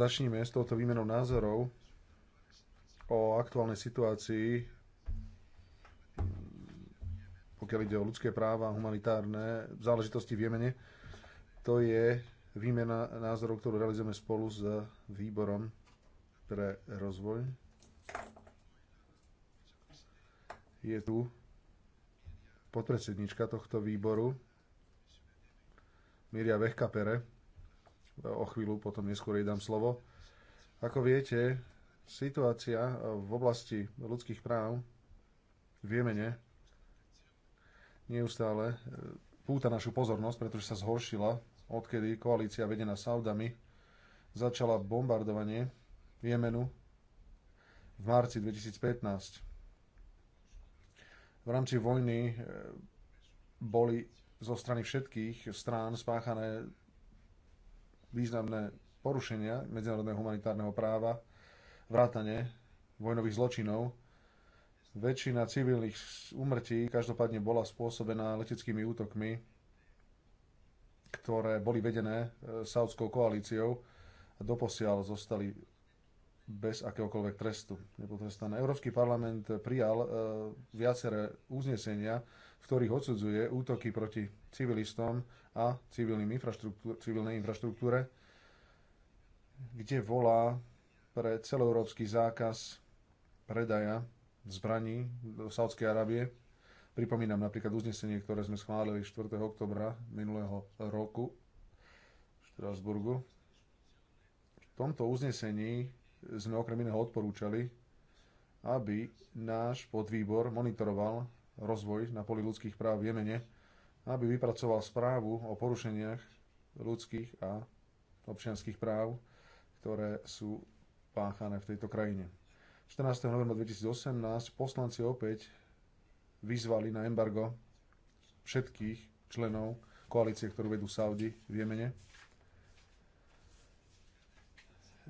Začníme s touto výmenou názorov o aktuálnej situácii, pokiaľ ide o ľudské práva, humanitárne záležitosti v Jemene. To je výmena názorov, ktorú realizujeme spolu s výborom pre rozvoj. Je tu podpredsednička tohto výboru, Miria Vehkapere, o chvíľu, potom neskôr jej dám slovo. Ako viete, situácia v oblasti ľudských práv v Jemene neustále e, púta našu pozornosť, pretože sa zhoršila, odkedy koalícia vedená Saudami začala bombardovanie Jemenu v marci 2015. V rámci vojny e, boli zo strany všetkých strán spáchané významné porušenia medzinárodného humanitárneho práva, vrátane vojnových zločinov. Väčšina civilných úmrtí každopádne bola spôsobená leteckými útokmi, ktoré boli vedené e, saudskou koalíciou a doposiaľ zostali bez akéhokoľvek trestu. Európsky parlament prijal e, viaceré uznesenia, v ktorých odsudzuje útoky proti civilistom a infraštruktúr, civilnej infraštruktúre, kde volá pre celoeurópsky zákaz predaja zbraní do Saudskej Arábie. Pripomínam napríklad uznesenie, ktoré sme schválili 4. oktobra minulého roku v Štrasburgu. V tomto uznesení sme okrem iného odporúčali, aby náš podvýbor monitoroval rozvoj na poli ľudských práv v Jemene, aby vypracoval správu o porušeniach ľudských a občianských práv, ktoré sú páchané v tejto krajine. 14. novembra 2018 poslanci opäť vyzvali na embargo všetkých členov koalície, ktorú vedú Saudi v Jemene.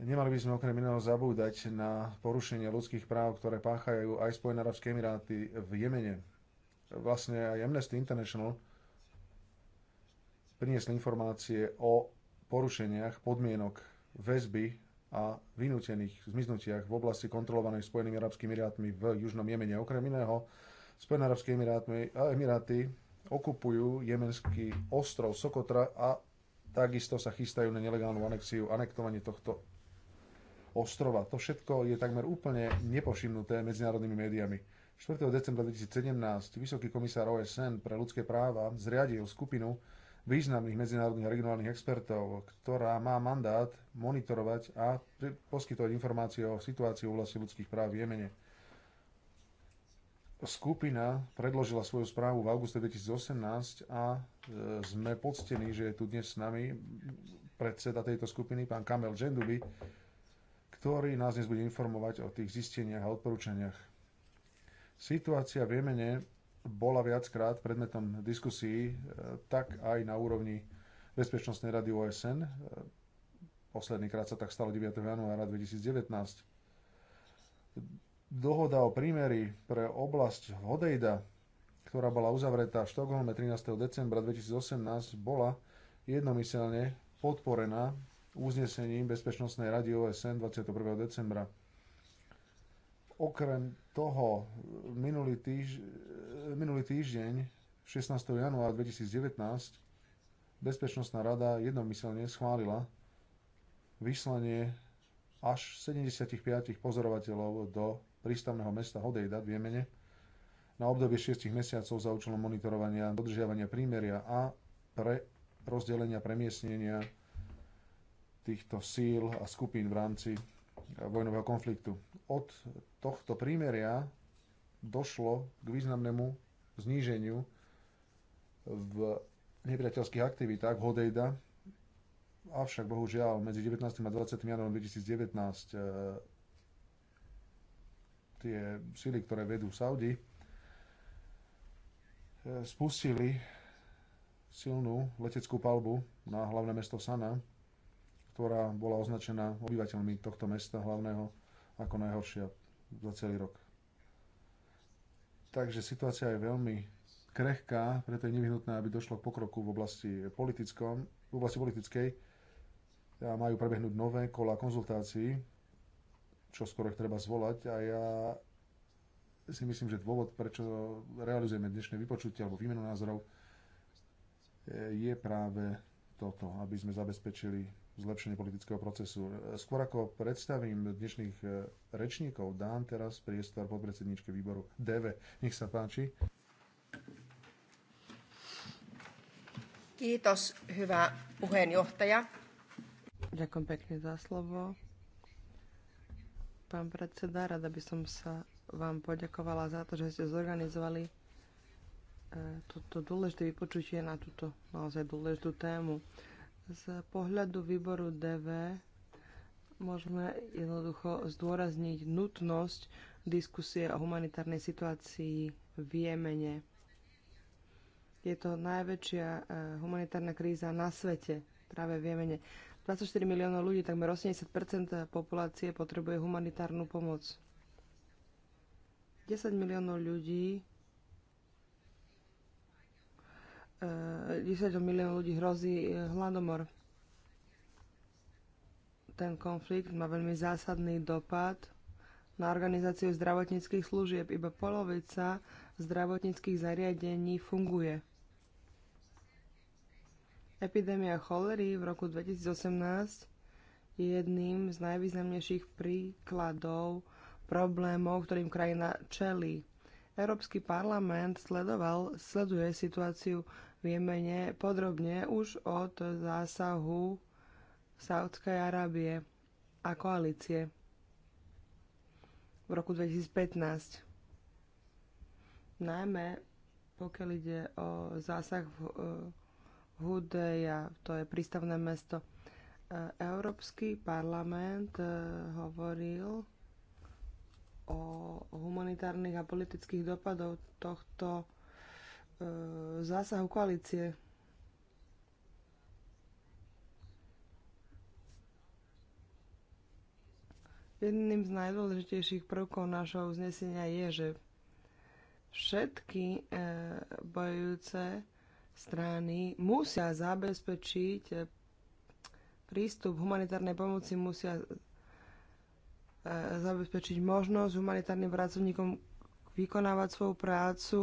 Nemali by sme okrem iného zabúdať na porušenie ľudských práv, ktoré páchajú aj Spojené arabské emiráty v Jemene vlastne aj Amnesty International priniesli informácie o porušeniach podmienok väzby a vynútených zmiznutiach v oblasti kontrolovanej Spojenými arabskými emirátmi v Južnom Jemene. Okrem iného, Spojené arabské emiráty, emiráty okupujú jemenský ostrov Sokotra a takisto sa chystajú na nelegálnu anexiu, anektovanie tohto ostrova. To všetko je takmer úplne nepošimnuté medzinárodnými médiami. 4. decembra 2017 vysoký komisár OSN pre ľudské práva zriadil skupinu významných medzinárodných a regionálnych expertov, ktorá má mandát monitorovať a poskytovať informácie o situácii v oblasti ľudských práv v Jemene. Skupina predložila svoju správu v auguste 2018 a e, sme poctení, že je tu dnes s nami predseda tejto skupiny, pán Kamel Džendubi, ktorý nás dnes bude informovať o tých zisteniach a odporúčaniach Situácia v Jemene bola viackrát predmetom diskusí, e, tak aj na úrovni Bezpečnostnej rady OSN. E, Poslednýkrát sa tak stalo 9. januára 2019. Dohoda o prímery pre oblasť Hodejda, ktorá bola uzavretá v Štokholme 13. decembra 2018, bola jednomyselne podporená uznesením Bezpečnostnej rady OSN 21. decembra Okrem toho, minulý, týž, minulý týždeň, 16. januára 2019, Bezpečnostná rada jednomyselne schválila vyslanie až 75 pozorovateľov do prístavného mesta Hodejda v Jemene na obdobie 6 mesiacov za účelom monitorovania, dodržiavania prímeria a pre rozdelenia, premiestnenia týchto síl a skupín v rámci vojnového konfliktu. Od tohto prímeria došlo k významnému zníženiu v nepriateľských aktivitách v Hodejda, avšak bohužiaľ medzi 19. a 20. januárom 2019 e, tie sily, ktoré vedú Saudi, e, spustili silnú leteckú palbu na hlavné mesto Sana, ktorá bola označená obyvateľmi tohto mesta hlavného ako najhoršia za celý rok. Takže situácia je veľmi krehká, preto je nevyhnutné, aby došlo k pokroku v oblasti, politickom, v oblasti politickej a majú prebehnúť nové kola konzultácií, čo skoro ich treba zvolať a ja si myslím, že dôvod, prečo realizujeme dnešné vypočutie alebo výmenu názorov, je práve toto, aby sme zabezpečili zlepšenie politického procesu. Skôr ako predstavím dnešných e, rečníkov, dám teraz priestor podpredsedničke výboru DV. Nech sa páči. Kiitos, hyvä puheenjohtaja. Ďakujem pekne za slovo. Pán predseda, rada by som sa vám poďakovala za to, že ste zorganizovali e, toto dôležité vypočutie na túto naozaj dôležitú tému. Z pohľadu výboru DV môžeme jednoducho zdôrazniť nutnosť diskusie o humanitárnej situácii v Jemene. Je to najväčšia e, humanitárna kríza na svete, práve v Jemene. 24 miliónov ľudí, takmer 80 populácie potrebuje humanitárnu pomoc. 10 miliónov ľudí 10 eh, miliónov ľudí hrozí eh, hladomor. Ten konflikt má veľmi zásadný dopad na organizáciu zdravotníckých služieb. Iba polovica zdravotníckých zariadení funguje. Epidémia cholery v roku 2018 je jedným z najvýznamnejších príkladov problémov, ktorým krajina čelí. Európsky parlament sledoval, sleduje situáciu vieme Jemene podrobne už od zásahu Saudskej Arábie a koalície v roku 2015. Najmä pokiaľ ide o zásah v e, Hudeja, to je prístavné mesto. E, Európsky parlament e, hovoril o humanitárnych a politických dopadov tohto E, zásahu koalície. Jedným z najdôležitejších prvkov našho uznesenia je, že všetky e, bojujúce strany musia zabezpečiť e, prístup humanitárnej pomoci, musia zabezpečiť možnosť humanitárnym pracovníkom vykonávať svoju prácu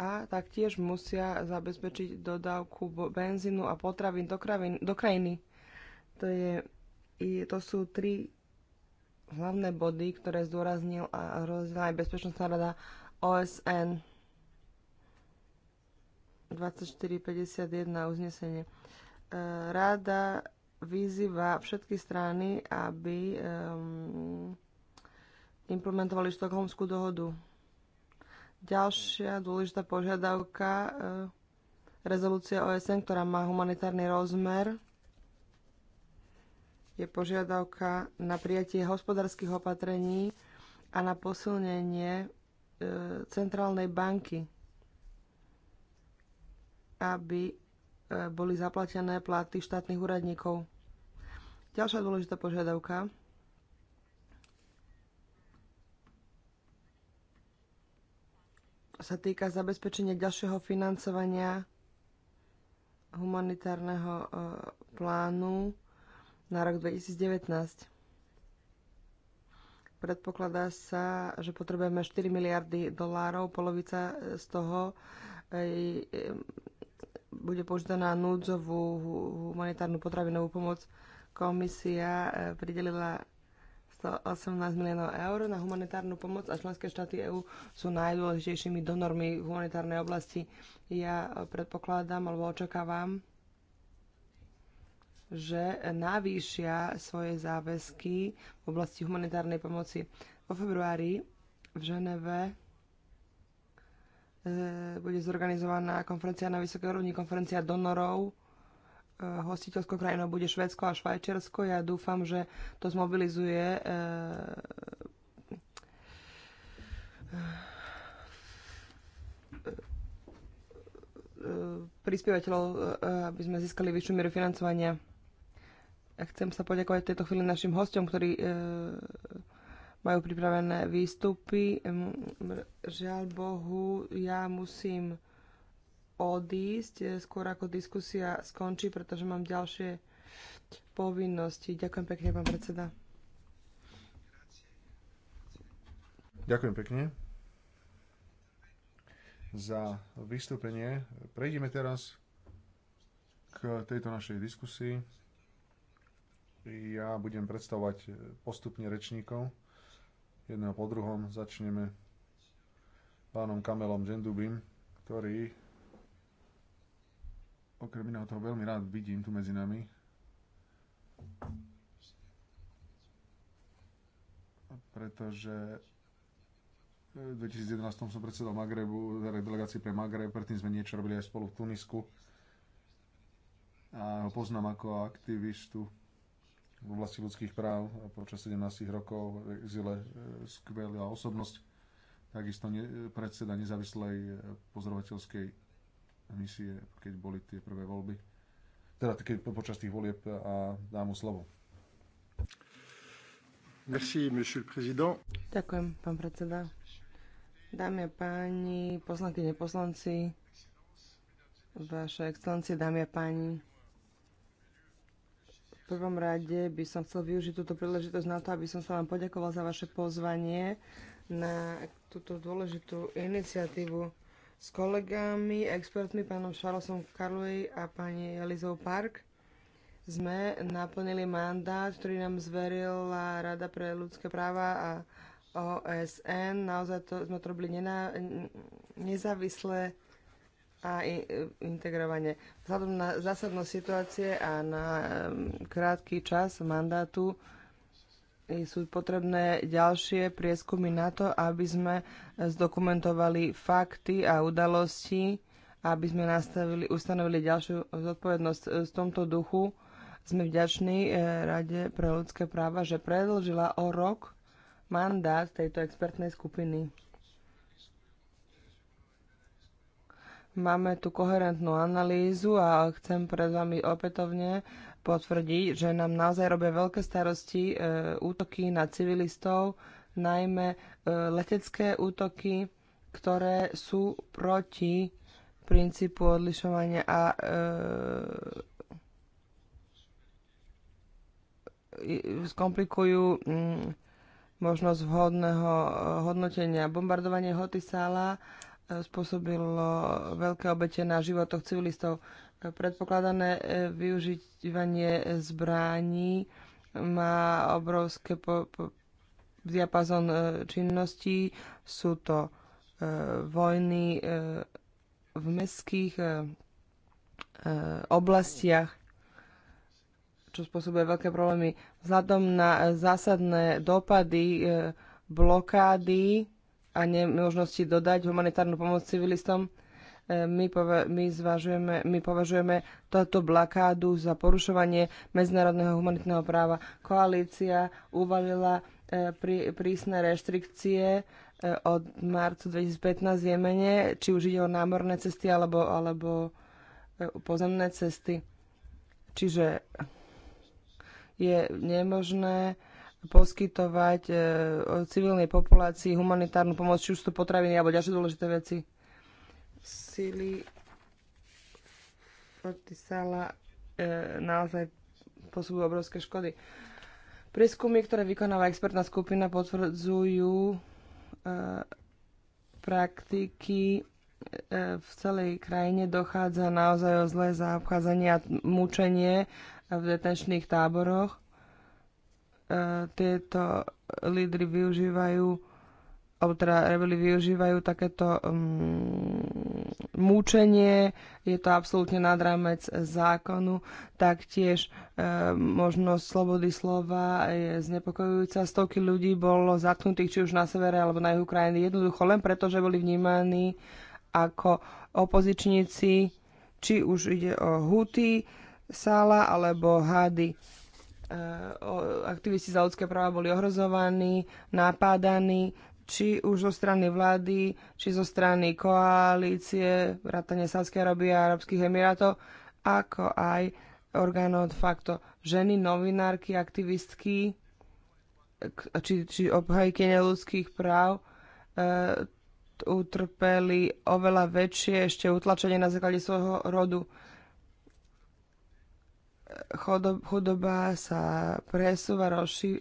a taktiež musia zabezpečiť dodávku benzínu a potravín do, kravin, do krajiny. To, je, to sú tri hlavné body, ktoré zdôraznil a rozdiela aj Bezpečnostná rada OSN 2451 uznesenie. E, rada vyzýva všetky strany, aby um, implementovali štokholmskú dohodu Ďalšia dôležitá požiadavka, eh, rezolúcia OSN, ktorá má humanitárny rozmer, je požiadavka na prijatie hospodárskych opatrení a na posilnenie eh, centrálnej banky, aby eh, boli zaplatené platy štátnych úradníkov. Ďalšia dôležitá požiadavka sa týka zabezpečenia ďalšieho financovania humanitárneho e, plánu na rok 2019. Predpokladá sa, že potrebujeme 4 miliardy dolárov, polovica z toho e, e, bude použitá na núdzovú humanitárnu potravinovú pomoc. Komisia pridelila 118 miliónov eur na humanitárnu pomoc a členské štáty EÚ sú najdôležitejšími donormi v humanitárnej oblasti. Ja predpokladám alebo očakávam, že navýšia svoje záväzky v oblasti humanitárnej pomoci. Vo februári v Ženeve e, bude zorganizovaná konferencia na vysokej úrovni, konferencia donorov E, hostiteľskou krajinou bude Švedsko a Švajčiarsko. Ja dúfam, že to zmobilizuje e, e, prispievateľov, aby sme získali vyššiu mieru financovania. Ja chcem sa poďakovať v tejto chvíli našim hostom, ktorí majú pripravené výstupy. Žiaľ Bohu, ja musím odísť, eh, skôr ako diskusia skončí, pretože mám ďalšie povinnosti. Ďakujem pekne, pán predseda. Ďakujem pekne za vystúpenie. Prejdeme teraz k tejto našej diskusii. Ja budem predstavovať postupne rečníkov. Jedného po druhom začneme pánom Kamelom Džendubim, ktorý okrem iného toho veľmi rád vidím tu medzi nami. Pretože v 2011 som predsedal Magrebu, teda delegácii pre Magreb, predtým sme niečo robili aj spolu v Tunisku. A ho poznám ako aktivistu v oblasti ľudských práv a počas 17 rokov v exile e, skvelá osobnosť. Takisto predseda nezávislej e, pozorovateľskej misie, keď boli tie prvé voľby, teda keď počas tých volieb e, a dám mu slovo. Merci, monsieur le président. Ďakujem, pán predseda. Dámy a páni, poslanky, poslanci, vaše excelencie, dámy a páni, v prvom rade by som chcel využiť túto príležitosť na to, aby som sa vám poďakoval za vaše pozvanie na túto dôležitú iniciatívu s kolegami, expertmi, pánom Charlesom Karlovej a pani Elizou Park sme naplnili mandát, ktorý nám zverila Rada pre ľudské práva a OSN. Naozaj to, sme to robili nená, nezávisle a integrovanie. integrovane. Vzhľadom na zásadnosť situácie a na um, krátky čas mandátu sú potrebné ďalšie prieskumy na to, aby sme zdokumentovali fakty a udalosti, aby sme nastavili, ustanovili ďalšiu zodpovednosť. V tomto duchu sme vďační eh, Rade pre ľudské práva, že predlžila o rok mandát tejto expertnej skupiny. Máme tu koherentnú analýzu a chcem pred vami opätovne potvrdiť, že nám naozaj robia veľké starosti e, útoky na civilistov, najmä e, letecké útoky, ktoré sú proti princípu odlišovania a e, skomplikujú m, mm, možnosť vhodného e, hodnotenia. bombardovania Hotisala spôsobilo veľké obete na životoch civilistov. Predpokladané e, využívanie zbraní má obrovské po, po, diapazon e, činností. Sú to e, vojny e, v mestských e, e, oblastiach, čo spôsobuje veľké problémy. Vzhľadom na zásadné dopady blokády a nemožnosti dodať humanitárnu pomoc civilistom. E, my, pova- my, zvažujeme, my považujeme táto blakádu za porušovanie medzinárodného humanitného práva. Koalícia uvalila e, prí, prísne reštrikcie e, od marcu 2015 v Jemene, či už ide o námorné cesty alebo, alebo pozemné cesty. Čiže je nemožné poskytovať eh, civilnej populácii humanitárnu pomoc, či už sú potraviny alebo ďalšie dôležité veci. Sily Fortisala eh, naozaj posúbujú obrovské škody. Prieskumy, ktoré vykonáva expertná skupina, potvrdzujú e, praktiky e, v celej krajine. Dochádza naozaj o zlé zaobchádzanie a mučenie v detenčných táboroch. E, tieto lídry využívajú, alebo teda rebeli využívajú takéto um, mm, múčenie, je to absolútne nad rámec zákonu, taktiež um, možnosť slobody slova je znepokojujúca. Stovky ľudí bolo zatknutých či už na severe alebo na juhu krajiny jednoducho len preto, že boli vnímaní ako opozičníci, či už ide o Huty, Sala alebo Hady E, aktivisti za ľudské práva boli ohrozovaní, napádaní, či už zo strany vlády, či zo strany koalície, vrátane Sádskej Arabie a Arabských Emirátov, ako aj orgánov facto ženy, novinárky, aktivistky, či, či obhajkyne ľudských práv, e, utrpeli oveľa väčšie ešte utlačenie na základe svojho rodu chudoba sa presúva,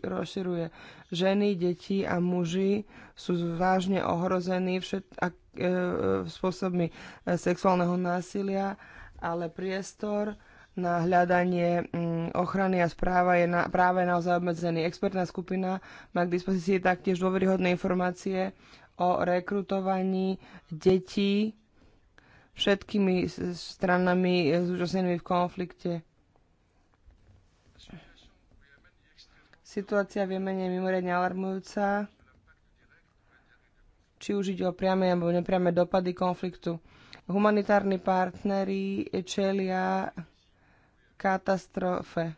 rozširuje. Ženy, deti a muži sú vážne ohrození všet, ak, e, spôsobmi e, sexuálneho násilia, ale priestor na hľadanie mm, ochrany a správa je na, práve naozaj obmedzený. Expertná skupina má k dispozícii taktiež dôveryhodné informácie o rekrutovaní detí všetkými stranami e, zúčastnenými v konflikte Situácia v Jemene je mimoriadne alarmujúca, či už ide o priame alebo nepriame dopady konfliktu. Humanitárni partneri čelia katastrofe.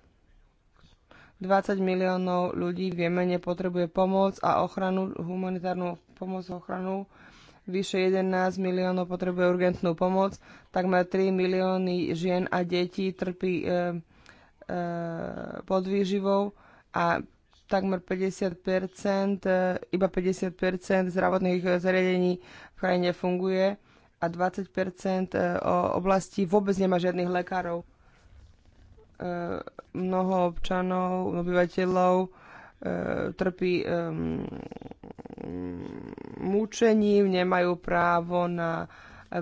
20 miliónov ľudí v Jemene potrebuje pomoc a ochranu, humanitárnu pomoc a ochranu. Vyše 11 miliónov potrebuje urgentnú pomoc. Takmer 3 milióny žien a detí trpí e, e, podvýživou a takmer 50%, e, iba 50% zdravotných e, zariadení v krajine funguje a 20% e, oblastí vôbec nemá žiadnych lekárov. Mnoho občanov, obyvateľov trpí mučením, nemajú právo na E,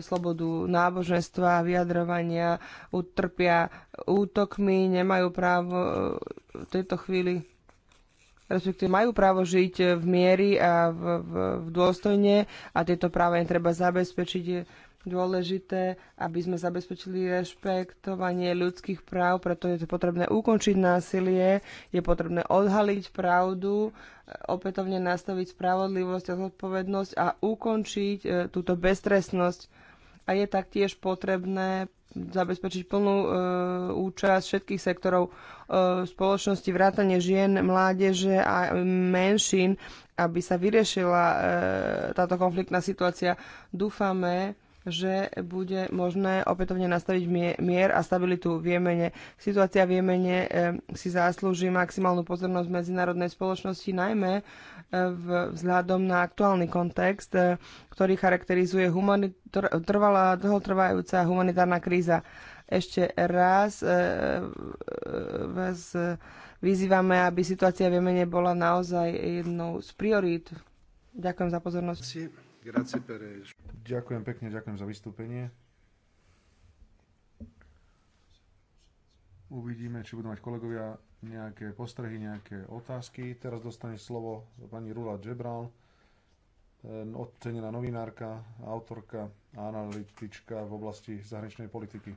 slobodu náboženstva vyjadrovania, utrpia útokmi, nemajú právo e, v tejto chvíli respektíve majú právo žiť v miery a v, v, v dôstojne a tieto práva im treba zabezpečiť. Je dôležité, aby sme zabezpečili rešpektovanie ľudských práv, preto je to potrebné ukončiť násilie, je potrebné odhaliť pravdu opätovne nastaviť spravodlivosť a zodpovednosť a ukončiť e, túto beztrestnosť. A je taktiež potrebné zabezpečiť plnú e, účasť všetkých sektorov e, spoločnosti, vrátane žien, mládeže a menšín, aby sa vyriešila e, táto konfliktná situácia. Dúfame, že bude možné opätovne nastaviť mier a stabilitu v Jemene. Situácia v Jemene eh, si zaslúži maximálnu pozornosť medzinárodnej spoločnosti, najmä eh, vzhľadom na aktuálny kontext, eh, ktorý charakterizuje trvalá, dlhotrvajúca humanitárna kríza. Ešte raz vás vyzývame, aby situácia v Jemene bola naozaj jednou z priorít. Ďakujem za pozornosť. Ďakujem pekne, ďakujem za vystúpenie. Uvidíme, či budú mať kolegovia nejaké postrehy, nejaké otázky. Teraz dostane slovo pani Rula Džebral, ocenená novinárka, autorka a analytička v oblasti zahraničnej politiky.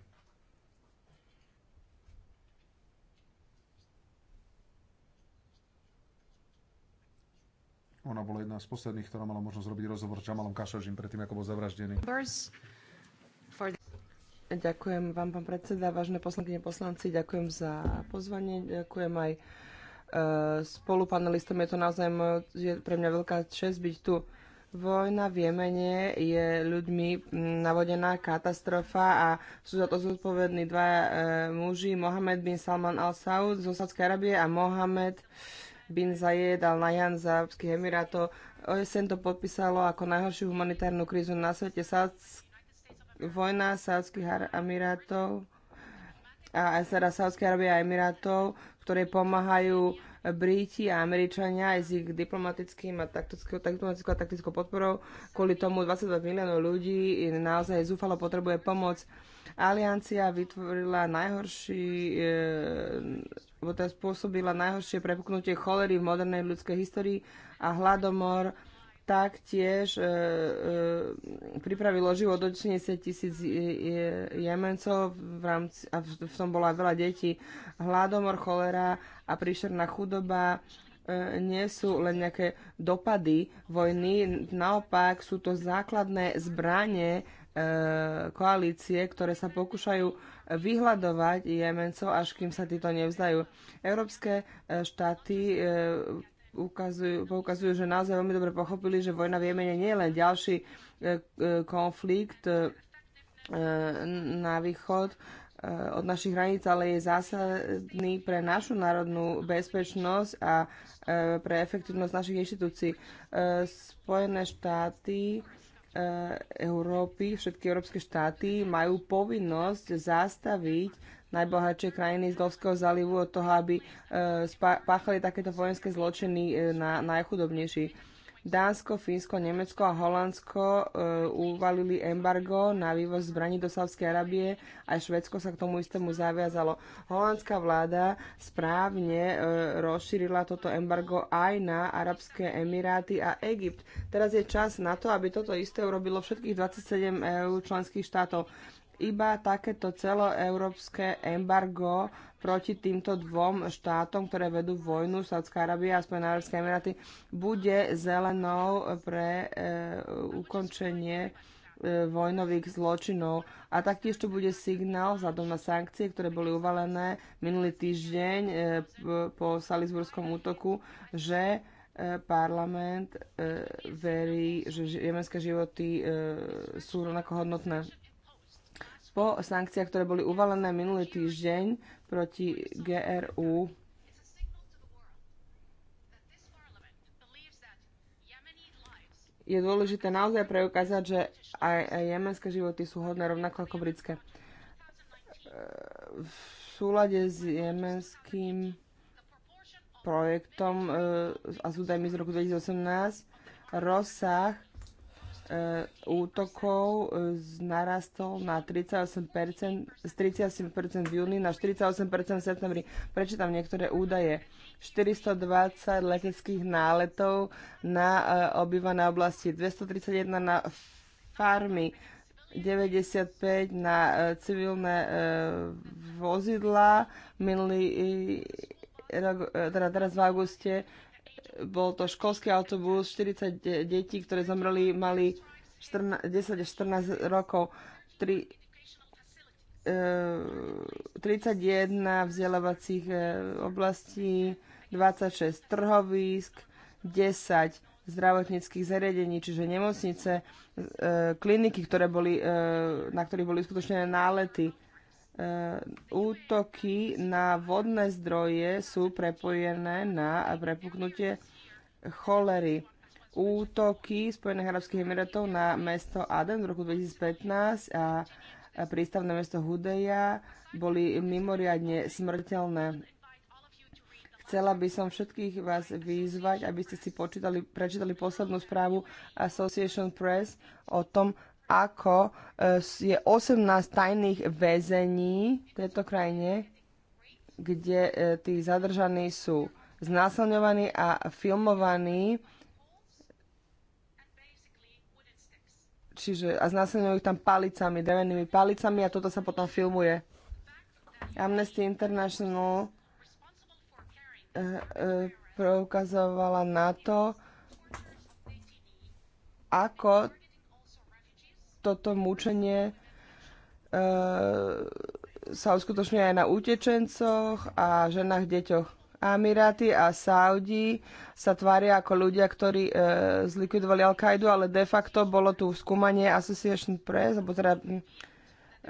Ona bola jedna z posledných, ktorá mala možnosť robiť rozhovor s Jamalom Kašožím predtým, ako bol zavraždený. Ďakujem vám, pán predseda, vážne poslankyne poslanci, ďakujem za pozvanie, ďakujem aj e, spolupanelistom. Je to naozaj je pre mňa veľká čest byť tu. Vojna v Jemene je ľuďmi navodená katastrofa a sú za to zodpovední dva e, muži, Mohamed bin Salman al-Saud z Osadskej Arabie a Mohamed Bin Zayed Al Nahyan z Arabských Emirátov. OSN to podpísalo ako najhoršiu humanitárnu krízu na svete. vojna Sádskych Emirátov a teda Sádskej Arabie a Emirátov, ktoré pomáhajú Briti a Američania aj s ich diplomatickým a taktickou, a taktickou podporou. Kvôli tomu 22 miliónov ľudí naozaj zúfalo potrebuje pomoc. Aliancia vytvorila najhorší, e, teda spôsobila najhoršie prepuknutie cholery v modernej ľudskej histórii a hladomor taktiež e, e, pripravilo život do 80 tisíc jemencov v rámci, a v, v tom bola veľa detí. Hladomor, cholera a príšerná chudoba e, nie sú len nejaké dopady vojny, naopak sú to základné zbranie e, koalície, ktoré sa pokúšajú vyhľadovať Jemencov, až kým sa títo nevzdajú. Európske e, štáty e, ukazujú, poukazujú, že naozaj veľmi dobre pochopili, že vojna v Jemene nie je len ďalší e, e, konflikt e, na východ od našich hraníc, ale je zásadný pre našu národnú bezpečnosť a pre efektivnosť našich inštitúcií. Spojené štáty Európy, všetky európske štáty majú povinnosť zastaviť najbohatšie krajiny z Golfského zálivu od toho, aby e, páchali takéto vojenské zločiny e, na najchudobnejších. Dánsko, Fínsko, Nemecko a Holandsko e, uvalili embargo na vývoz zbraní do Sávskej Arábie a Švedsko sa k tomu istému zaviazalo. Holandská vláda správne rozšírila toto embargo aj na Arabské Emiráty a Egypt. Teraz je čas na to, aby toto isté urobilo všetkých 27 EU členských štátov iba takéto celoeurópske embargo proti týmto dvom štátom, ktoré vedú vojnu, Sádzka Arábia a Spojené arabské emiráty, bude zelenou pre e, ukončenie e, vojnových zločinov. A taktiež to bude signál vzhľadom na sankcie, ktoré boli uvalené minulý týždeň e, po Salisburskom útoku, že e, parlament e, verí, že jemenské životy e, sú rovnako hodnotné po sankciách, ktoré boli uvalené minulý týždeň proti GRU. Je dôležité naozaj preukázať, že aj, jemenské životy sú hodné rovnako ako britské. V súlade s jemenským projektom e, a s z roku 2018 rozsah E, útokov e, narastol na 38%, z 38% v júni na 48% v septembri. Prečítam niektoré údaje. 420 leteckých náletov na e, obývané oblasti, 231 na farmy, 95 na civilné vozidla minulý, teda teraz v auguste bol to školský autobus, 40 detí, ktoré zomreli, mali 14, 10 až 14 rokov, 3, e, 31 vzdelávacích e, oblastí, 26 trhovísk, 10 zdravotníckých zariadení, čiže nemocnice, e, kliniky, ktoré boli, e, na ktorých boli skutočne nálety, E, útoky na vodné zdroje sú prepojené na prepuknutie cholery. Útoky Spojených arabských emirátov na mesto Aden v roku 2015 a prístavné mesto Hudeja boli mimoriadne smrteľné. Chcela by som všetkých vás vyzvať, aby ste si počítali, prečítali poslednú správu Association Press o tom, ako e, je 18 tajných väzení v tejto krajine, kde e, tí zadržaní sú znásilňovaní a filmovaní. Čiže a znásilňujú ich tam palicami, drevenými palicami a toto sa potom filmuje. Amnesty International e, preukazovala na to, ako toto mučenie e, sa uskutočňuje aj na utečencoch a ženách, deťoch. Amiráty a Saudi sa tvária ako ľudia, ktorí e, zlikvidovali Al-Kaidu, ale de facto bolo tu skúmanie Association Press, alebo teda mm,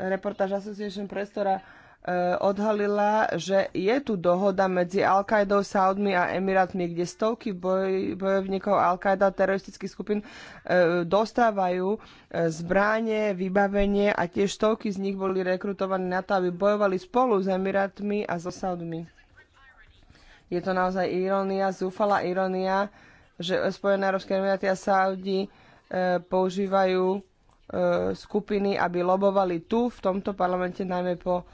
reportáž Association Press, ktorá Eh, odhalila, že je tu dohoda medzi Al-Qaidou, Saudmi a Emirátmi, kde stovky boj, bojovníkov Al-Qaida teroristických skupín e, dostávajú e, eh, zbranie, vybavenie a tiež stovky z nich boli rekrutovaní na to, aby bojovali spolu s Emirátmi a so Saudmi. Je to naozaj irónia, zúfala irónia, že Spojené Európske Emiráty a Saudi e, používajú skupiny, aby lobovali tu, v tomto parlamente, najmä po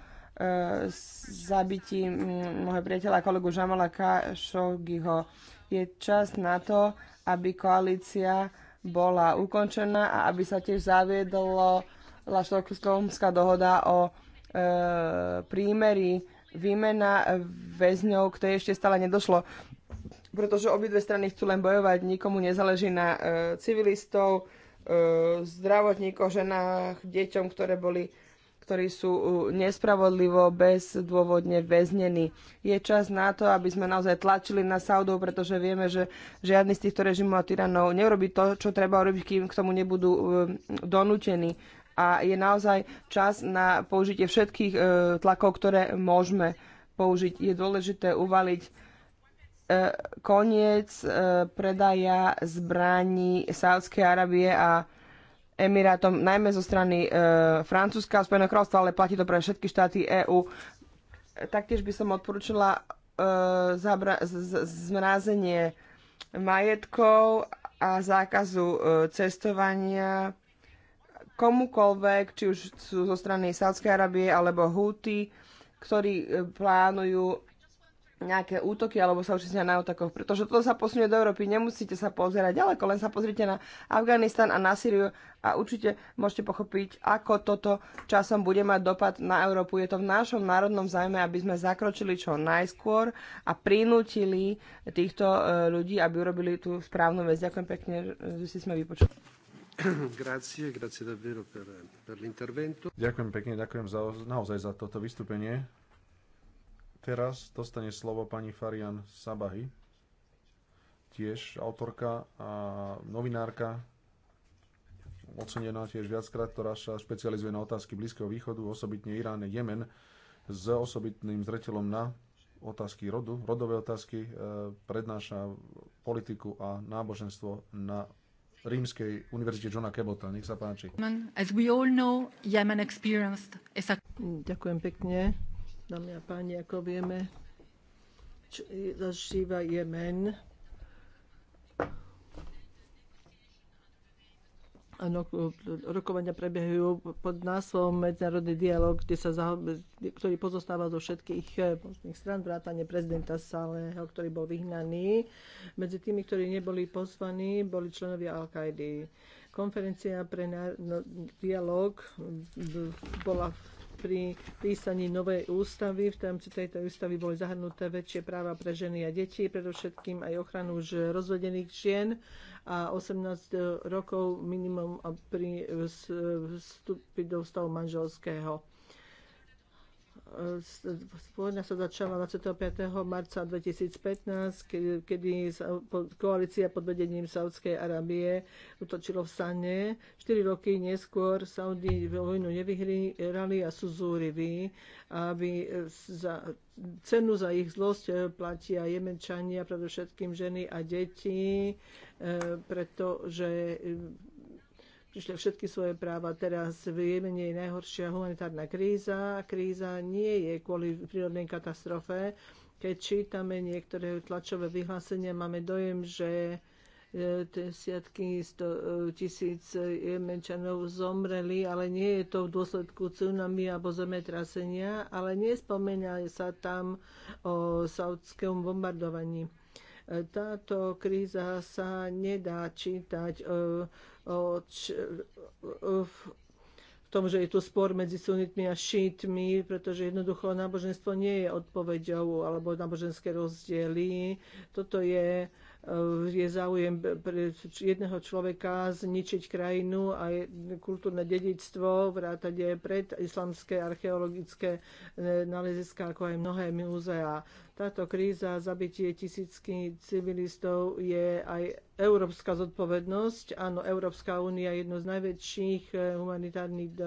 zabití môjho priateľa kolegu Žamala Kašogiho. Je čas na to, aby koalícia bola ukončená a aby sa tiež zaviedlo Laštokovská dohoda o e, prímeri výmena väzňov, ktoré ešte stále nedošlo, pretože obidve strany chcú len bojovať, nikomu nezáleží na e, civilistov, e, zdravotníkov, ženách, deťom, ktoré boli ktorí sú uh, nespravodlivo, bezdôvodne väznení. Je čas na to, aby sme naozaj tlačili na Saudov, pretože vieme, že žiadny z týchto režimov a tyranov neurobi to, čo treba urobiť, kým k tomu nebudú um, donútení. A je naozaj čas na použitie všetkých uh, tlakov, ktoré môžeme použiť. Je dôležité uvaliť uh, koniec predaja zbraní Sáudskej Arábie a Emirátom, najmä zo strany e, Francúzska a Spojeného kráľovstva, ale platí to pre všetky štáty EÚ. Taktiež by som odporúčila e, zabra- z- zmrázenie majetkov a zákazu e, cestovania komukolvek, či už sú zo strany Sádskej Arabie alebo Húty, ktorí e, plánujú nejaké útoky alebo sa určite na útokoch, pretože toto sa posunie do Európy, nemusíte sa pozerať ďaleko, len sa pozrite na Afganistan a na Syriu a určite môžete pochopiť, ako toto časom bude mať dopad na Európu. Je to v našom národnom zájme, aby sme zakročili čo najskôr a prinútili týchto e, ľudí, aby urobili tú správnu vec. Ďakujem pekne, že si sme vypočuli. Grazie, grazie davvero per, per l'intervento. Ďakujem pekne, ďakujem za, naozaj za toto vystúpenie Teraz dostane slovo pani Farian Sabahy, tiež autorka a novinárka, ocenená tiež viackrát, ktorá sa špecializuje na otázky Blízkeho východu, osobitne Irán, a Jemen, s osobitným zretelom na otázky rodu, rodové otázky, e, prednáša politiku a náboženstvo na Rímskej univerzite Johna Kebota. Nech sa páči. Ďakujem pekne. Dámy a páni, ako vieme, zažíva Jemen Ano, rokovania prebiehajú pod názvom Medzinárodný dialog, kde sa zaho- ktorý pozostáva zo všetkých eh, možných stran, vrátane prezidenta Saleho, ktorý bol vyhnaný. Medzi tými, ktorí neboli pozvaní, boli členovia Al-Kaidy. Konferencia pre ná- no, dialog eh, bola v pri písaní novej ústavy. V rámci tejto ústavy boli zahrnuté väčšie práva pre ženy a deti, predovšetkým aj ochranu už rozvedených žien a 18 eh, rokov minimum pri eh, vstupi do stavu manželského. E, vojna sa začala 25. marca 2015, kedy koalícia pod vedením Saudskej Arábie utočilo v Sane. 4 roky neskôr Saudi vojnu nevyhrali a sú zúriví, aby za, cenu za ich zlosť platia jemenčania, predovšetkým ženy a deti, e, pretože prišli všetky svoje práva. Teraz v Jemene je najhoršia humanitárna kríza. Kríza nie je kvôli prírodnej katastrofe. Keď čítame niektoré tlačové vyhlásenia, máme dojem, že desiatky e, tisíc jemenčanov zomreli, ale nie je to v dôsledku tsunami alebo zemetrasenia, ale nespomenia sa tam o saudskom bombardovaní. Táto kríza sa nedá čítať e, e, v tom, že je tu spor medzi sunitmi a šítmi, pretože jednoducho náboženstvo nie je odpoveďou alebo náboženské rozdiely. Toto je e, je záujem pre jedného človeka zničiť krajinu a kultúrne vrátať je pred islamské archeologické náleziská, ako aj mnohé múzea. Táto kríza, zabitie tisícky civilistov je aj európska zodpovednosť. Áno, Európska únia je jedno z najväčších eh, humanitárnych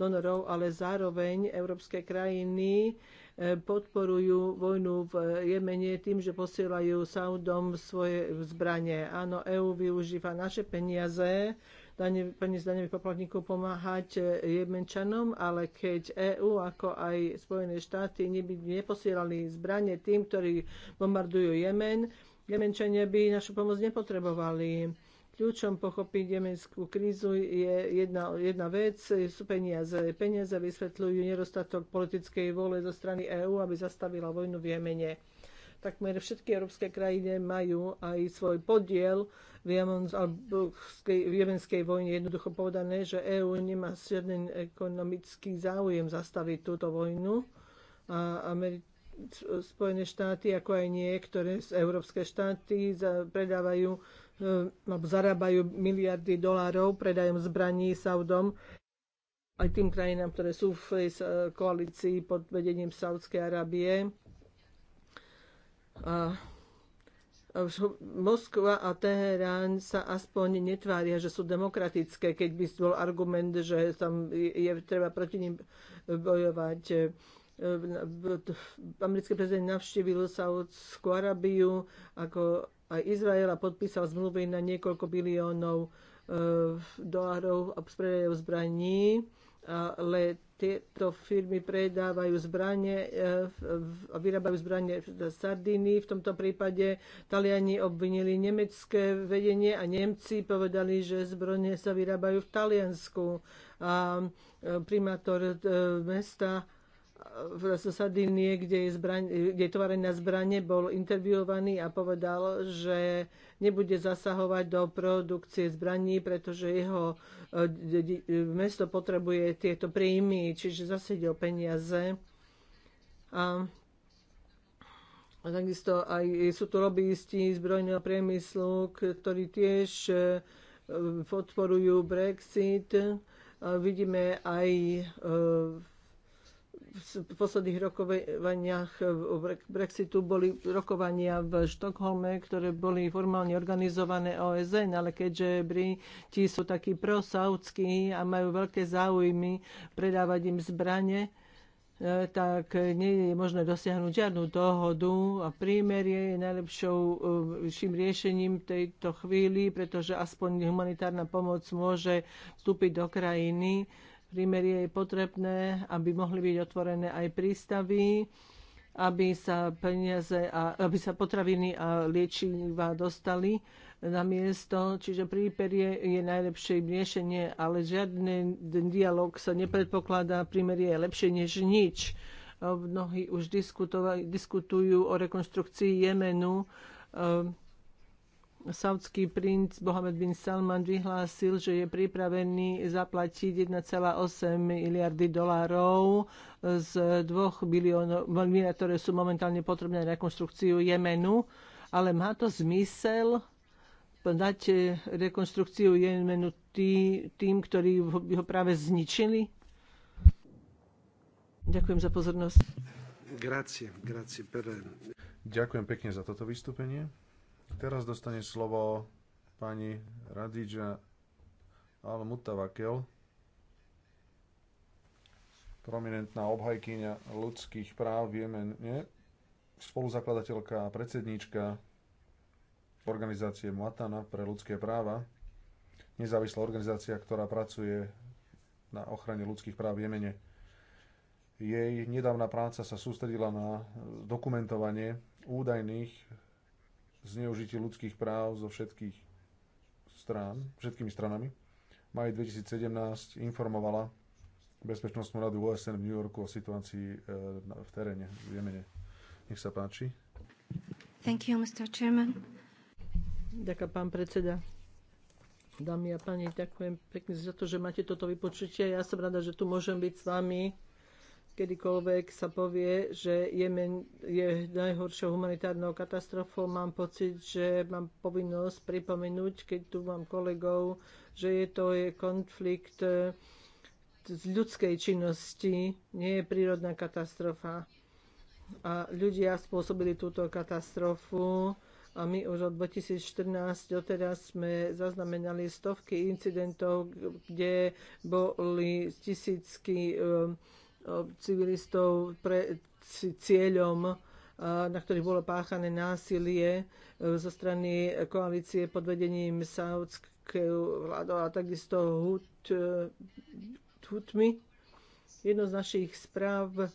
donorov, ale zároveň európske krajiny eh, podporujú vojnu v Jemene tým, že posielajú Saudom svoje zbranie. Áno, EÚ využíva naše peniaze, dane, pani z daňových poplatníkov pomáhať e, Jemenčanom, ale keď EÚ ako aj Spojené štáty neby neposielali zbranie tým, ktorí bombardujú Jemen, Jemenčania by našu pomoc nepotrebovali. Kľúčom pochopiť jemenskú krízu je jedna, jedna vec, sú peniaze. Peniaze vysvetľujú nedostatok politickej vôle zo strany EÚ, aby zastavila vojnu v Jemene Takmer všetky európske krajiny majú aj svoj podiel v, v jemenskej vojne. Jednoducho povedané, že EÚ nemá žiadny ekonomický záujem zastaviť túto vojnu. A Ameri- Spojené štáty, ako aj niektoré z európske štáty predávajú e, alebo zarábajú miliardy dolárov predajom zbraní Saudom aj tým krajinám, ktoré sú v koalícii pod vedením Saudskej Arábie. A Moskva a Teherán sa aspoň netvária, že sú demokratické, keď by bol argument, že tam je treba proti ním bojovať. E, Americký prezident navštívil Saudskú Arabiu, ako aj Izrael a podpísal zmluvy na niekoľko biliónov e, dolárov a predajov zbraní, ale tieto firmy predávajú zbranie e, a vyrábajú zbranie v Sardínii. V tomto prípade Taliani obvinili nemecké vedenie a Nemci povedali, že zbranie sa vyrábajú v Taliansku. A e, primátor e, mesta v Sadinie, kde je, zbraň, kde je tovareň na zbranie, bol interviovaný a povedal, že nebude zasahovať do produkcie zbraní, pretože jeho e, mesto potrebuje tieto príjmy, čiže zase ide o peniaze. A takisto aj sú tu lobbyisti zbrojného priemyslu, ktorí tiež e, podporujú Brexit. A vidíme aj e, v posledných rokovaniach Brexitu boli rokovania v Štokholme, ktoré boli formálne organizované OSN, ale keďže Briti sú takí prosaudskí a majú veľké záujmy predávať im zbranie, e, tak nie je možné dosiahnuť žiadnu dohodu a prímerie je najlepším e, riešením tejto chvíli, pretože aspoň humanitárna pomoc môže vstúpiť do krajiny prímerie je potrebné, aby mohli byť otvorené aj prístavy, aby sa, peniaze a, aby sa potraviny a liečiva dostali na miesto, čiže príperie je najlepšie riešenie, ale žiadny dialog sa nepredpokladá, prímerie je lepšie než nič. Mnohí už diskutujú o rekonstrukcii Jemenu, ehm, saudský princ Mohamed bin Salman vyhlásil, že je pripravený zaplatiť 1,8 miliardy dolárov z 2 biliónov, ktoré sú momentálne potrebné na rekonstrukciu Jemenu. Ale má to zmysel dať rekonstrukciu Jemenu tý, tým, ktorí ho práve zničili? Ďakujem za pozornosť. Grazie, grazie per... Ďakujem pekne za toto vystúpenie. Teraz dostane slovo pani Radidža Al-Mutavakel, prominentná obhajkyňa ľudských práv v Jemene, spoluzakladateľka a predsedníčka organizácie Matana pre ľudské práva, nezávislá organizácia, ktorá pracuje na ochrane ľudských práv v Jemene. Jej nedávna práca sa sústredila na dokumentovanie údajných zneužitie ľudských práv zo všetkých strán, všetkými stranami. V maji 2017 informovala Bezpečnostnú radu OSN v New Yorku o situácii e, v teréne v Jemene. Nech sa páči. Thank you, Mr. Chairman. Ďakujem, pán predseda. Dámy a páni, ďakujem pekne za to, že máte toto vypočutie. Ja som rada, že tu môžem byť s vami kedykoľvek sa povie, že Jemen je najhoršou humanitárnou katastrofou, mám pocit, že mám povinnosť pripomenúť, keď tu mám kolegov, že je to je konflikt e, z ľudskej činnosti, nie je prírodná katastrofa. A ľudia spôsobili túto katastrofu a my už od 2014 doteraz sme zaznamenali stovky incidentov, kde boli tisícky um, civilistov pre cieľom, na ktorých bolo páchané násilie e, zo strany koalície pod vedením saudského vládov a takisto hut, e, hutmi. Jedno z našich správ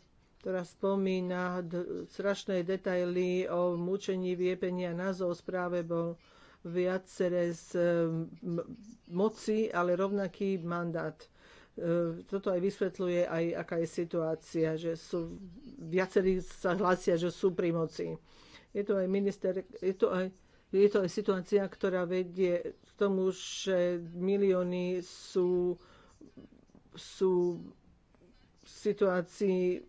ktorá spomína strašné detaily o mučení, viepenia. Názov správe bol viaceré z moci, ale rovnaký mandát. E, toto aj vysvetľuje aj aká je situácia, že sú, viacerí sa hlásia, že sú pri moci. Je to aj minister, je to aj je to aj situácia, ktorá vedie k tomu, že milióny sú, sú v situácii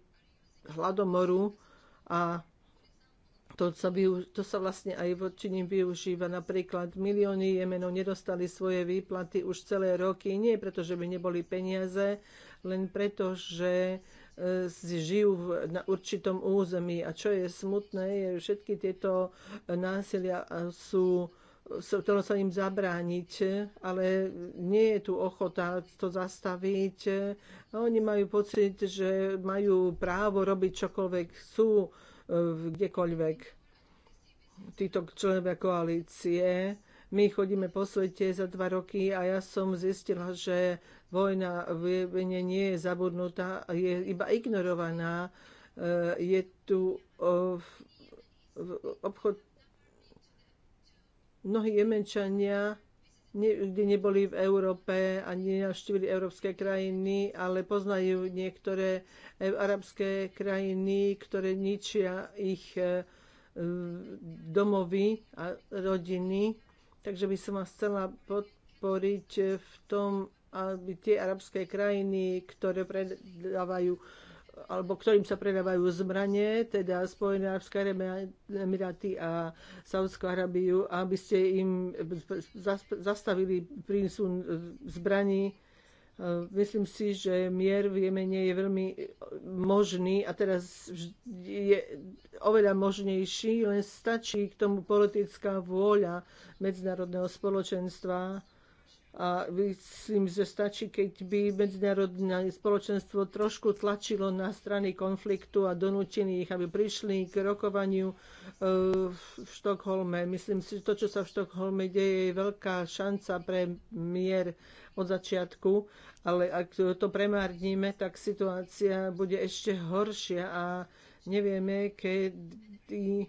hladomoru a to sa, využ- to sa vlastne aj voči nim využíva. Napríklad milióny Jemenov nedostali svoje výplaty už celé roky, nie preto, že by neboli peniaze, len preto, že e, žijú na určitom území. A čo je smutné, je, že všetky tieto e, násilia e, sú chcelo sa im zabrániť, ale nie je tu ochota to zastaviť. Oni majú pocit, že majú právo robiť čokoľvek chcú kdekoľvek títo členovia koalície. My chodíme po svete za dva roky a ja som zistila, že vojna v Jemene nie je zabudnutá, je iba ignorovaná. E, je tu obchod mnohí Jemenčania nikdy neboli v Európe a nenavštívili európske krajiny, ale poznajú niektoré e, arabské krajiny, ktoré ničia ich e, domovy a rodiny. Takže by som vás chcela podporiť v tom, aby tie arabské krajiny, ktoré predávajú alebo ktorým sa predávajú zbranie, teda Spojené arabské emiráty a Saudskú Arabiu, aby ste im zastavili prísun zbraní. E, myslím si, že mier v Jemene je veľmi možný a teraz je oveľa možnejší, len stačí k tomu politická vôľa medzinárodného spoločenstva a myslím, že stačí, keď by medzinárodné spoločenstvo trošku tlačilo na strany konfliktu a donútili ich, aby prišli k rokovaniu e, v Štokholme. Myslím si, že to, čo sa v Štokholme deje, je veľká šanca pre mier od začiatku, ale ak to premárníme, tak situácia bude ešte horšia a nevieme, kedy,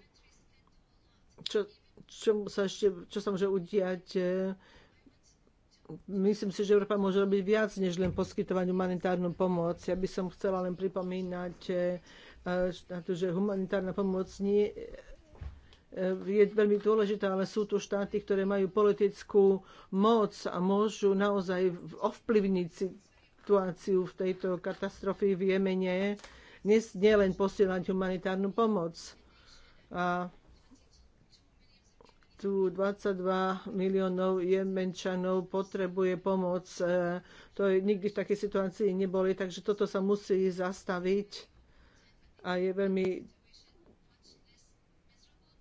čo, čo sa ešte, čo sa môže udiať e, myslím si, že Európa môže robiť viac, než len poskytovať humanitárnu pomoc. Ja by som chcela len pripomínať, že eh, humanitárna pomoc nie eh, je veľmi dôležitá, ale sú tu štáty, ktoré majú politickú moc a môžu naozaj ovplyvniť situáciu v tejto katastrofy v Jemene, nielen posielať humanitárnu pomoc. A tu 22 miliónov jemenčanov potrebuje pomoc. E, to je, nikdy v takej situácii neboli, takže toto sa musí zastaviť a je veľmi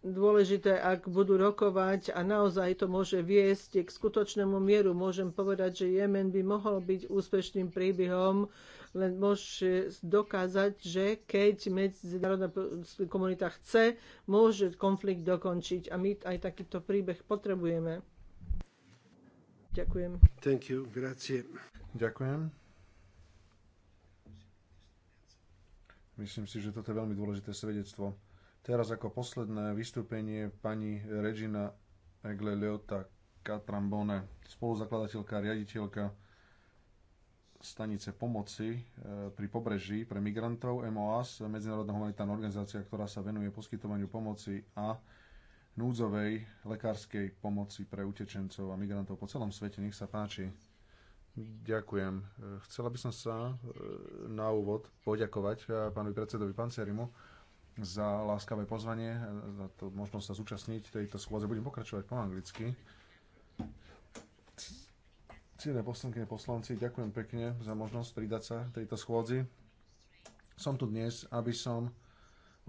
dôležité, ak budú rokovať a naozaj to môže viesť k skutočnému mieru. Môžem povedať, že Jemen by mohol byť úspešným príbehom len môže e, dokázať, že keď medzinárodná komunita chce, môže konflikt dokončiť. A my aj takýto príbeh potrebujeme. Ďakujem. Thank you, grazie. Ďakujem. Myslím si, že toto je veľmi dôležité svedectvo. Teraz ako posledné vystúpenie pani Regina Egle Leota Katrambone, spoluzakladateľka, riaditeľka stanice pomoci e, pri pobreží pre migrantov MOAS, Medzinárodná humanitárna organizácia, ktorá sa venuje poskytovaniu pomoci a núdzovej lekárskej pomoci pre utečencov a migrantov po celom svete. Nech sa páči. Ďakujem. E, chcela by som sa e, na úvod poďakovať pánovi predsedovi Pancerimu za láskavé pozvanie, za to možnosť sa zúčastniť tejto schôdze. Budem pokračovať po anglicky. Ctené poslanky a poslanci, ďakujem pekne za možnosť pridať sa tejto schôdzi. Som tu dnes, aby som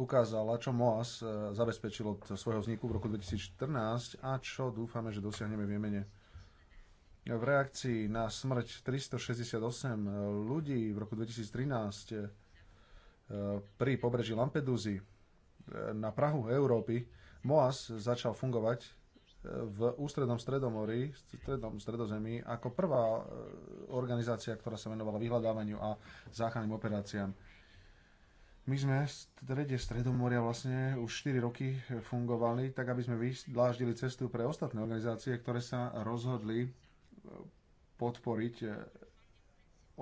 ukázala, čo MOAS eh, zabezpečil od svojho vzniku v roku 2014 a čo dúfame, že dosiahneme v Jemene. V reakcii na smrť 368 eh, ľudí v roku 2013 eh, pri pobreží Lampedúzy na Prahu Európy MOAS začal fungovať v ústrednom stredomori, strednom stredozemí, ako prvá e, organizácia, ktorá sa venovala vyhľadávaniu a záchranným operáciám. My sme v strede Stredomoria vlastne už 4 roky fungovali, tak aby sme vydláždili cestu pre ostatné organizácie, ktoré sa rozhodli e, podporiť e,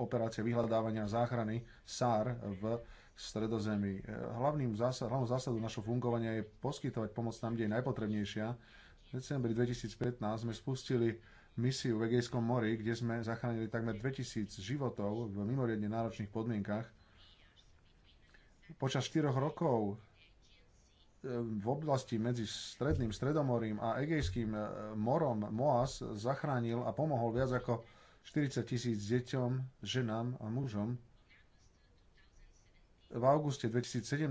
operácie vyhľadávania a záchrany SAR v Stredozemí. Hlavným zásad, hlavnou zásadou našho fungovania je poskytovať pomoc tam, kde je najpotrebnejšia decembri 2015 sme spustili misiu v Egejskom mori, kde sme zachránili takmer 2000 životov v mimoriadne náročných podmienkach. Počas 4 rokov e, v oblasti medzi Stredným Stredomorím a Egejským e, morom Moas zachránil a pomohol viac ako 40 tisíc deťom, ženám a mužom. V auguste 2017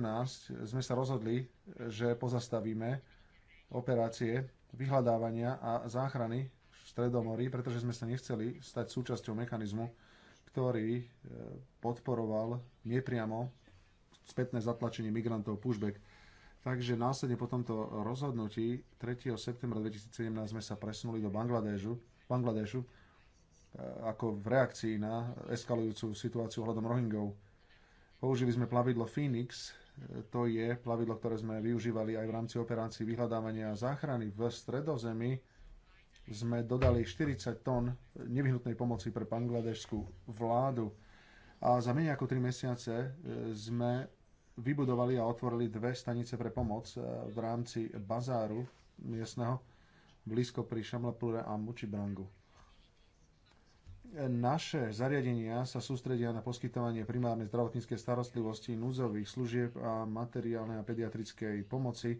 sme sa rozhodli, že pozastavíme operácie vyhľadávania a záchrany v Stredomorí, pretože sme sa nechceli stať súčasťou mechanizmu, ktorý e, podporoval nepriamo spätné zatlačenie migrantov pushback. Takže následne po tomto rozhodnutí 3. septembra 2017 sme sa presunuli do Bangladešu, Bangladešu ako v reakcii na eskalujúcu situáciu hľadom Rohingov. Použili sme plavidlo Phoenix, to je plavidlo, ktoré sme využívali aj v rámci operácií vyhľadávania a záchrany v stredozemi, sme dodali 40 tón nevyhnutnej pomoci pre bangladešskú vládu. A za menej ako 3 mesiace e, sme vybudovali a otvorili dve stanice pre pomoc e, v rámci bazáru miestneho blízko pri Šamlapure a Mučibrangu naše zariadenia sa sústredia na poskytovanie primárnej zdravotníckej starostlivosti, núdzových služieb a materiálnej a pediatrickej pomoci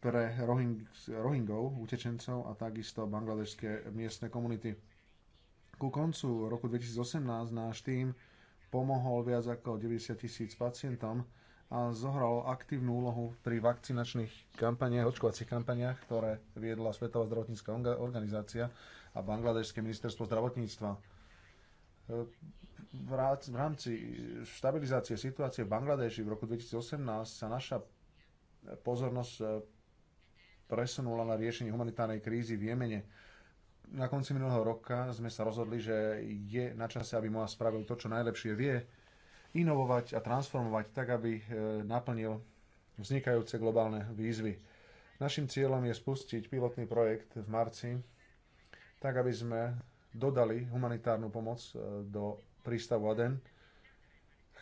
pre Rohing, Rohingov, utečencov a takisto bangladežské miestne komunity. Ku koncu roku 2018 náš tím pomohol viac ako 90 tisíc pacientom a zohral aktívnu úlohu pri vakcinačných kampaniach, očkovacích kampaniach, ktoré viedla Svetová zdravotnícká organizácia a Bangladešské ministerstvo zdravotníctva. E, v rámci štabilizácie situácie v Bangladeši v roku 2018 sa naša pozornosť e, presunula na riešenie humanitárnej krízy v Jemene. Na konci minulého roka sme sa rozhodli, že je na čase, aby Moa spravil to, čo najlepšie vie, inovovať a transformovať tak, aby e, naplnil vznikajúce globálne výzvy. Našim cieľom je spustiť pilotný projekt v marci tak aby sme dodali humanitárnu pomoc e, do prístavu Aden.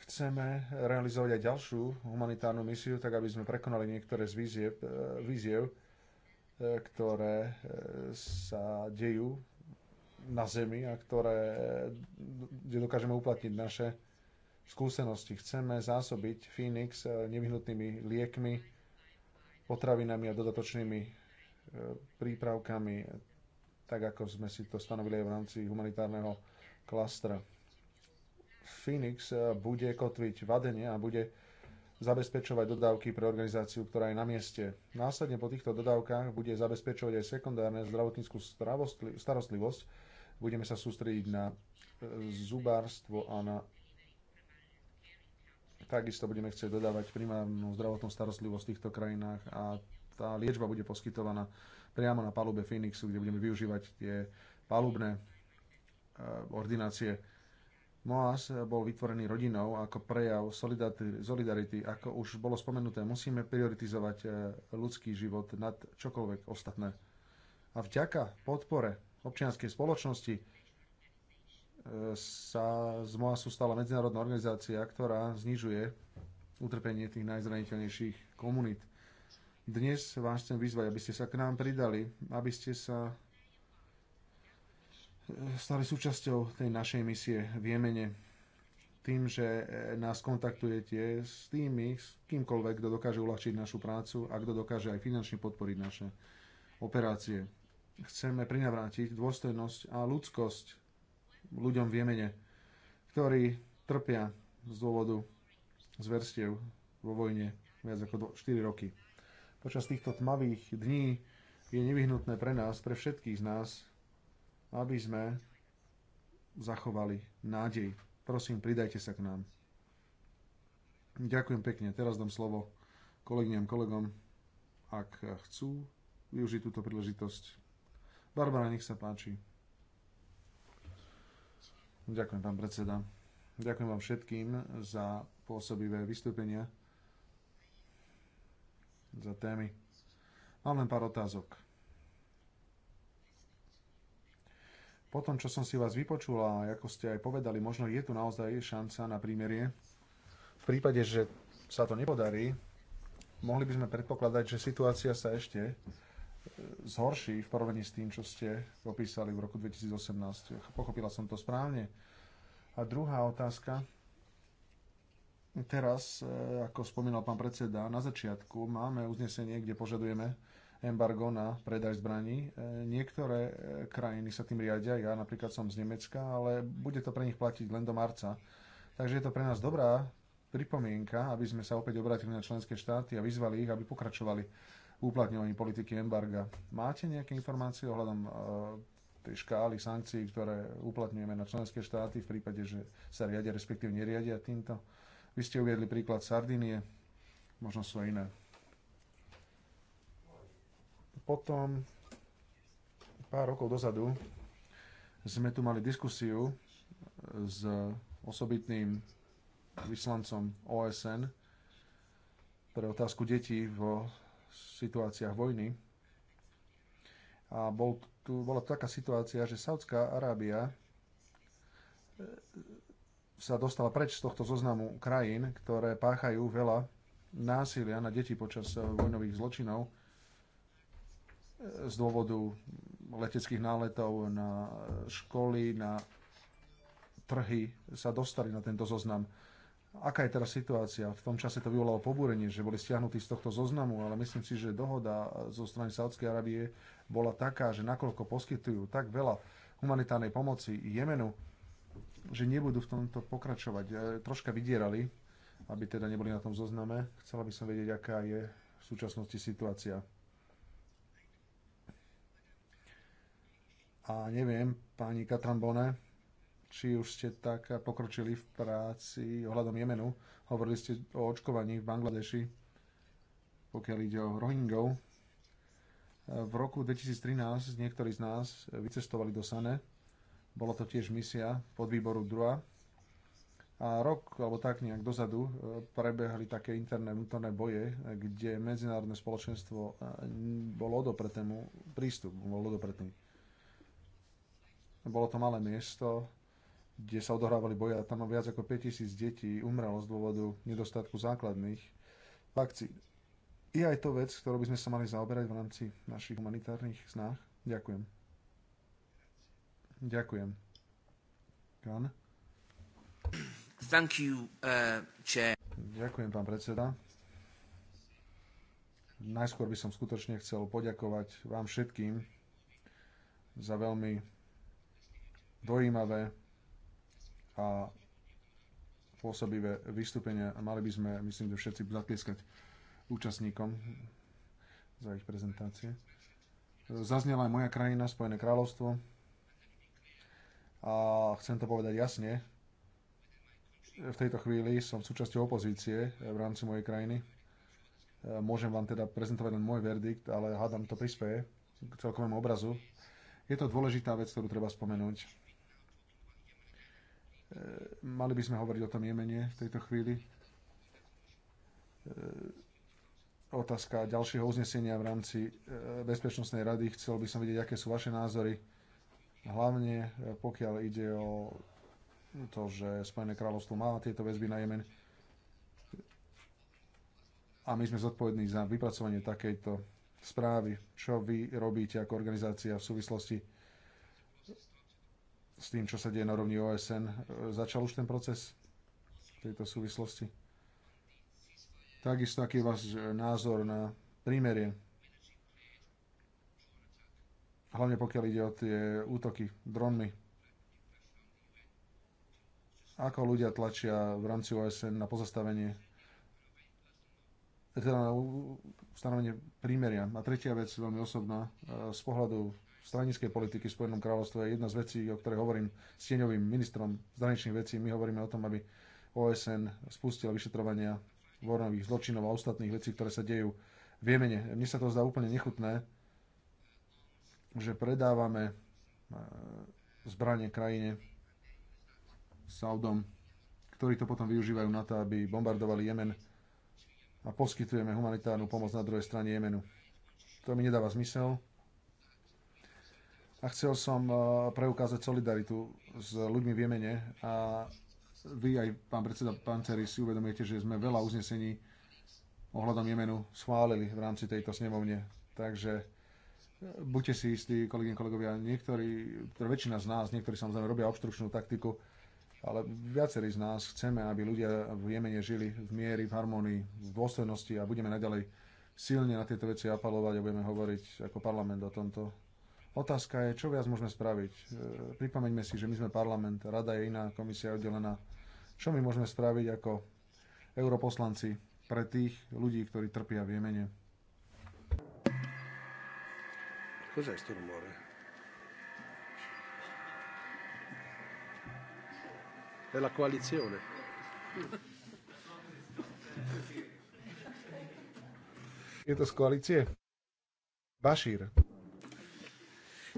Chceme realizovať aj ďalšiu humanitárnu misiu, tak aby sme prekonali niektoré z víziev, e, víziev e, ktoré sa dejú na Zemi a ktoré, kde dokážeme uplatniť naše skúsenosti. Chceme zásobiť Phoenix nevyhnutnými liekmi, potravinami a dodatočnými prípravkami tak ako sme si to stanovili aj v rámci humanitárneho klastra. Phoenix eh, bude kotviť vadenie a bude zabezpečovať dodávky pre organizáciu, ktorá je na mieste. Následne po týchto dodávkach bude zabezpečovať aj sekundárne zdravotníckú starostlivosť. Budeme sa sústrediť na eh, zubárstvo a na takisto budeme chcieť dodávať primárnu zdravotnú starostlivosť v týchto krajinách a tá liečba bude poskytovaná priamo na palube Phoenixu, kde budeme využívať tie palubné eh, ordinácie. Moas eh, bol vytvorený rodinou ako prejav solidarity. Ako už bolo spomenuté, musíme prioritizovať eh, ľudský život nad čokoľvek ostatné. A vďaka podpore občianskej spoločnosti sa z Moasu stala medzinárodná organizácia, ktorá znižuje utrpenie tých najzraniteľnejších komunít. Dnes vás chcem vyzvať, aby ste sa k nám pridali, aby ste sa eh, stali súčasťou tej našej misie v Jemene. Tým, že eh, nás kontaktujete s tými, s kýmkoľvek, kto dokáže uľahčiť našu prácu a kto dokáže aj finančne podporiť naše operácie. Chceme prinavrátiť dôstojnosť a ľudskosť ľuďom v Jemene, ktorí trpia z dôvodu zverstiev vo vojne viac ako 4 roky počas týchto tmavých dní je nevyhnutné pre nás, pre všetkých z nás, aby sme zachovali nádej. Prosím, pridajte sa k nám. Ďakujem pekne. Teraz dám slovo kolegyňam, kolegom, ak chcú využiť túto príležitosť. Barbara, nech sa páči. Ďakujem, pán predseda. Ďakujem vám všetkým za pôsobivé vystúpenia za témy. Mám len pár otázok. Po tom, čo som si vás vypočul a ako ste aj povedali, možno je tu naozaj šanca na prímerie. V prípade, že sa to nepodarí, mohli by sme predpokladať, že situácia sa ešte e, zhorší v porovnaní s tým, čo ste popísali v roku 2018. Pochopila som to správne. A druhá otázka, Teraz, e, ako spomínal pán predseda, na začiatku máme uznesenie, kde požadujeme embargo na predaj zbraní. E, niektoré e, krajiny sa tým riadia, ja napríklad som z Nemecka, ale bude to pre nich platiť len do marca. Takže je to pre nás dobrá pripomienka, aby sme sa opäť obratili na členské štáty a vyzvali ich, aby pokračovali v uplatňovaní politiky embarga. Máte nejaké informácie ohľadom tej škály sankcií, ktoré uplatňujeme na členské štáty v prípade, že sa riadia, respektíve neriadia týmto? Vy ste uviedli príklad Sardinie, možno sú iné. Potom pár rokov dozadu sme tu mali diskusiu s osobitným vyslancom OSN pre otázku detí vo situáciách vojny. A bol tu, bola taká situácia, že Saudská Arábia sa dostala preč z tohto zoznamu krajín, ktoré páchajú veľa násilia na deti počas eh, vojnových zločinov eh, z dôvodu leteckých náletov na eh, školy, na trhy sa dostali na tento zoznam. Aká je teraz situácia? V tom čase to vyvolalo pobúrenie, že boli stiahnutí z tohto zoznamu, ale myslím si, že dohoda zo strany Saudskej Arábie bola taká, že nakoľko poskytujú tak veľa humanitárnej pomoci Jemenu, že nebudú v tomto pokračovať. E, troška vydierali, aby teda neboli na tom zozname. Chcela by som vedieť, aká je v súčasnosti situácia. A neviem, pani Katrambone, či už ste tak pokročili v práci ohľadom Jemenu. Hovorili ste o očkovaní v Bangladeši, pokiaľ ide o Rohingov. E, v roku 2013 niektorí z nás vycestovali do Sane, bolo to tiež misia podvýboru druha. A rok alebo tak nejak dozadu e, prebehli také interné vnútorné boje, kde medzinárodné spoločenstvo e, bolo odopretému prístup, bolo odopretný. Bolo to malé miesto, kde sa odohrávali boje a tam viac ako 5000 detí umrelo z dôvodu nedostatku základných vakcín. Je aj to vec, ktorú by sme sa mali zaoberať v rámci našich humanitárnych snách. Ďakujem. Ďakujem. Kan? Thank you, uh, chair. Ďakujem, pán predseda. Najskôr by som skutočne chcel poďakovať vám všetkým za veľmi dojímavé a pôsobivé vystúpenia. Mali by sme, myslím, že všetci zatlieskať účastníkom za ich prezentácie. Zaznela aj moja krajina, Spojené kráľovstvo a chcem to povedať jasne, v tejto chvíli som súčasťou opozície eh, v rámci mojej krajiny. Eh, môžem vám teda prezentovať len môj verdikt, ale hádam to prispieje k celkovému obrazu. Je to dôležitá vec, ktorú treba spomenúť. Eh, mali by sme hovoriť o tom Jemene v tejto chvíli. Otázka ďalšieho uznesenia v rámci Bezpečnostnej rady. Chcel by som vidieť, aké sú vaše názory hlavne e, pokiaľ ide o to, že Spojené kráľovstvo má tieto väzby na Jemen a my sme zodpovední za vypracovanie takejto správy, čo vy robíte ako organizácia v súvislosti s tým, čo sa deje na rovni OSN. E, začal už ten proces v tejto súvislosti? Takisto, aký je váš e, názor na prímerie hlavne pokiaľ ide o tie útoky dronmi. Ako ľudia tlačia v rámci OSN na pozastavenie, teda na stanovenie prímeria. A tretia vec, veľmi osobná, e, z pohľadu stranickej politiky v Spojenom kráľovstve je jedna z vecí, o ktorej hovorím s tieňovým ministrom zahraničných vecí. My hovoríme o tom, aby OSN spustila vyšetrovania vojnových zločinov a ostatných vecí, ktoré sa dejú v Jemene. Mne sa to zdá úplne nechutné, že predávame e, zbranie krajine Saudom, ktorí to potom využívajú na to, aby bombardovali Jemen a poskytujeme humanitárnu pomoc na druhej strane Jemenu. To mi nedáva zmysel. A chcel som e, preukázať solidaritu s ľuďmi v Jemene a vy aj, pán predseda Panceri, si uvedomujete, že sme veľa uznesení ohľadom Jemenu schválili v rámci tejto snemovne. Takže buďte si istí, kolegyne, kolegovia, niektorí, teda väčšina z nás, niektorí samozrejme robia obštrukčnú taktiku, ale viacerí z nás chceme, aby ľudia v Jemene žili v miery, v harmonii, v dôstojnosti a budeme naďalej silne na tieto veci apelovať a budeme hovoriť ako parlament o tomto. Otázka je, čo viac môžeme spraviť. E, pripomeňme si, že my sme parlament, rada je iná, komisia je oddelená. Čo my môžeme spraviť ako europoslanci pre tých ľudí, ktorí trpia v Jemene? Cos'è sto rumore? È la coalizione. Je to z koalície?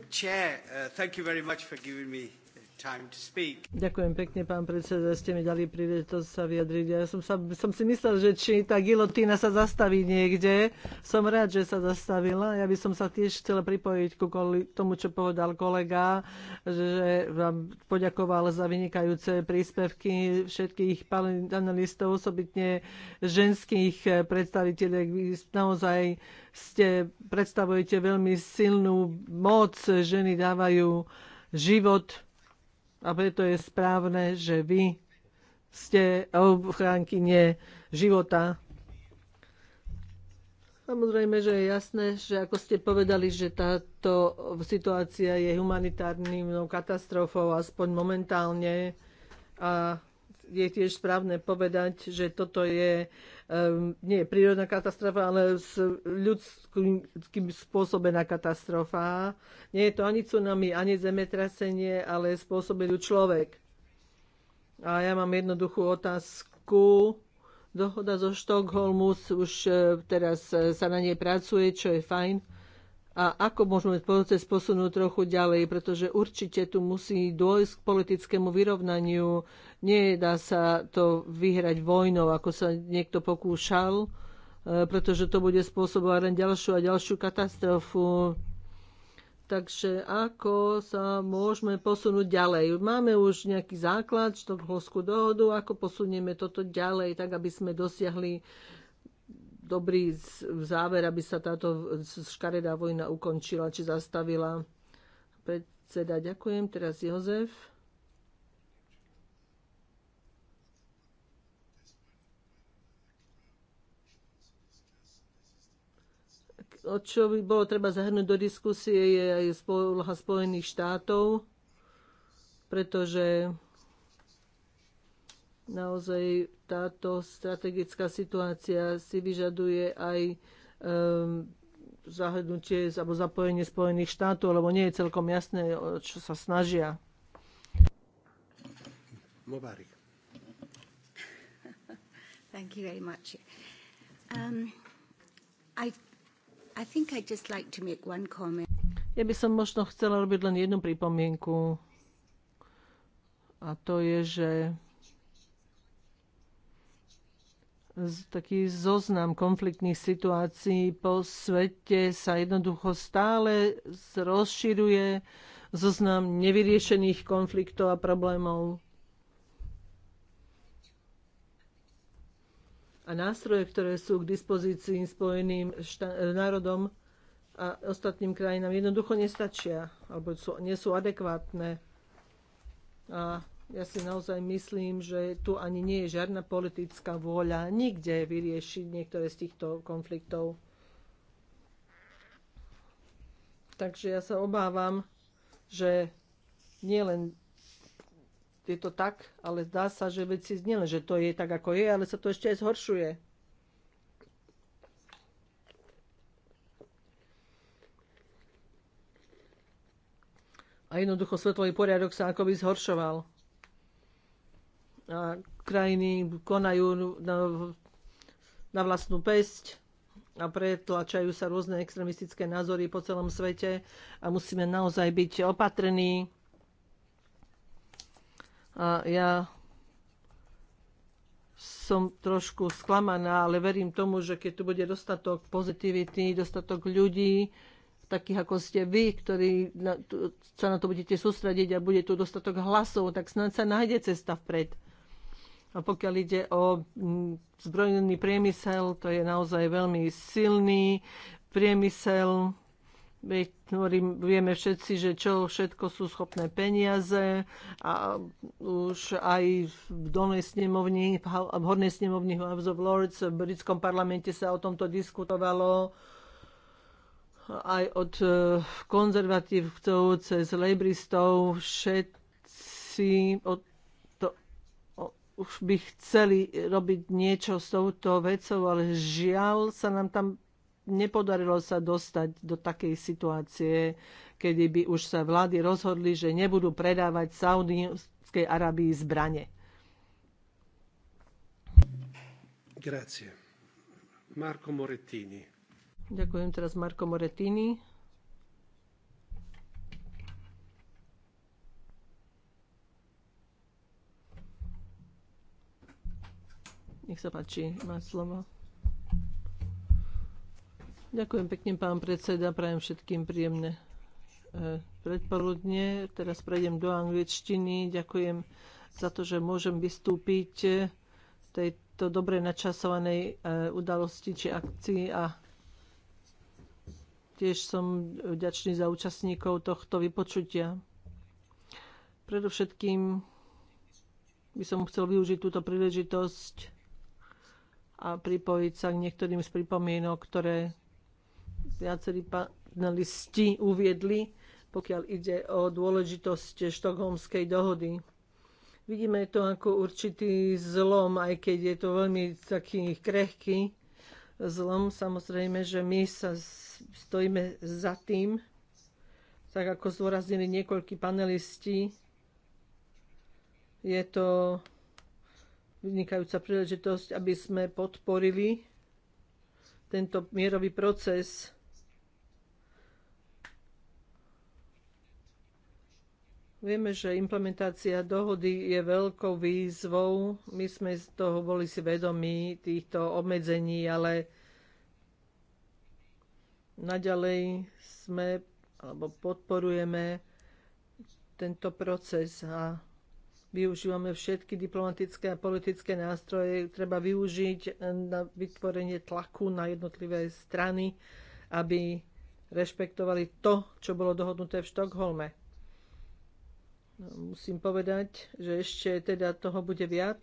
Chair, uh, thank you very much for giving me Ďakujem pekne, pán predseda, že ste mi dali príležitosť sa vyjadriť. Ja som, sa, som si myslel, že či tá gilotína sa zastaví niekde. Som rád, že sa zastavila. Ja by som sa tiež chcela pripojiť ku tomu, čo povedal kolega, že vám poďakoval za vynikajúce príspevky všetkých panelistov, osobitne ženských predstaviteľek. Vy naozaj ste, predstavujete veľmi silnú moc. Ženy dávajú život a preto je správne, že vy ste ochránkyne života. Samozrejme, že je jasné, že ako ste povedali, že táto situácia je humanitárnym katastrofou, aspoň momentálne. A je tiež správne povedať, že toto je um, nie je prírodná katastrofa, ale s ľudským spôsobená katastrofa. Nie je to ani tsunami, ani zemetrasenie, ale spôsobil človek. A ja mám jednoduchú otázku. Dohoda zo Štokholmu už e, teraz e, sa na nej pracuje, čo je fajn a ako môžeme proces posunúť trochu ďalej, pretože určite tu musí dôjsť k politickému vyrovnaniu. Nedá sa to vyhrať vojnou, ako sa niekto pokúšal, e, pretože to bude spôsobovať len ďalšiu a ďalšiu katastrofu. Takže ako sa môžeme posunúť ďalej? Máme už nejaký základ, štokholskú dohodu, ako posunieme toto ďalej, tak aby sme dosiahli dobrý záver, aby sa táto škaredá vojna ukončila či zastavila. Predseda, ďakujem. Teraz Jozef. o čo by bolo treba zahrnúť do diskusie, je aj spoloha Spojených štátov, pretože naozaj táto strategická situácia si vyžaduje aj um, zahrnutie alebo zapojenie Spojených štátov, lebo nie je celkom jasné, čo sa snažia. Mubarak. Thank you very much. Um, I, I think I'd just like to make one comment. Ja by som možno chcela robiť len jednu pripomienku. A to je, že taký zoznam konfliktných situácií po svete sa jednoducho stále rozširuje zoznam nevyriešených konfliktov a problémov. A nástroje, ktoré sú k dispozícii Spojeným e, národom a ostatným krajinám, jednoducho nestačia alebo sú, nie sú adekvátne. A ja si naozaj myslím, že tu ani nie je žiadna politická vôľa nikde vyriešiť niektoré z týchto konfliktov. Takže ja sa obávam, že nielen je to tak, ale zdá sa, že veci nielen, že to je tak, ako je, ale sa to ešte aj zhoršuje. A jednoducho svetový poriadok sa akoby zhoršoval a krajiny konajú na, na vlastnú pesť a pretlačajú sa rôzne extremistické názory po celom svete a musíme naozaj byť opatrní. A ja som trošku sklamaná, ale verím tomu, že keď tu bude dostatok pozitivity, dostatok ľudí, takých ako ste vy, ktorí na, tu, sa na to budete sústrediť a bude tu dostatok hlasov, tak snad sa nájde cesta vpred. A pokiaľ ide o mm, zbrojný priemysel, to je naozaj veľmi silný priemysel. Tvorím, vieme všetci, že čo všetko sú schopné peniaze a už aj v dolnej snemovni, v hornej snemovni House of Lords v britskom parlamente sa o tomto diskutovalo aj od e, konzervatívcov cez lejbristov, všetci od už by chceli robiť niečo s touto vecou, ale žiaľ sa nám tam nepodarilo sa dostať do takej situácie, kedy by už sa vlády rozhodli, že nebudú predávať Saudskej Arabii zbranie. Grazie. Marco Morettini. Ďakujem teraz Marko Morettini. Nech sa páči, má slovo. Ďakujem pekne, pán predseda. Prajem všetkým príjemné e, predpoludne. Teraz prejdem do angličtiny. Ďakujem za to, že môžem vystúpiť v e, tejto dobre načasovanej e, udalosti či akcii a tiež som vďačný za účastníkov tohto vypočutia. Predovšetkým by som chcel využiť túto príležitosť a pripojiť sa k niektorým z pripomienok, ktoré viacerí panelisti uviedli, pokiaľ ide o dôležitosť štokholmskej dohody. Vidíme to ako určitý zlom, aj keď je to veľmi taký krehký zlom. Samozrejme, že my sa stojíme za tým, tak ako zdôraznili niekoľkí panelisti, je to vynikajúca príležitosť, aby sme podporili tento mierový proces. Vieme, že implementácia dohody je veľkou výzvou. My sme z toho boli si vedomí týchto obmedzení, ale naďalej sme alebo podporujeme tento proces a využívame všetky diplomatické a politické nástroje, treba využiť eh, na vytvorenie tlaku na jednotlivé strany, aby rešpektovali to, čo bolo dohodnuté v Štokholme. No, musím povedať, že ešte teda toho bude viac.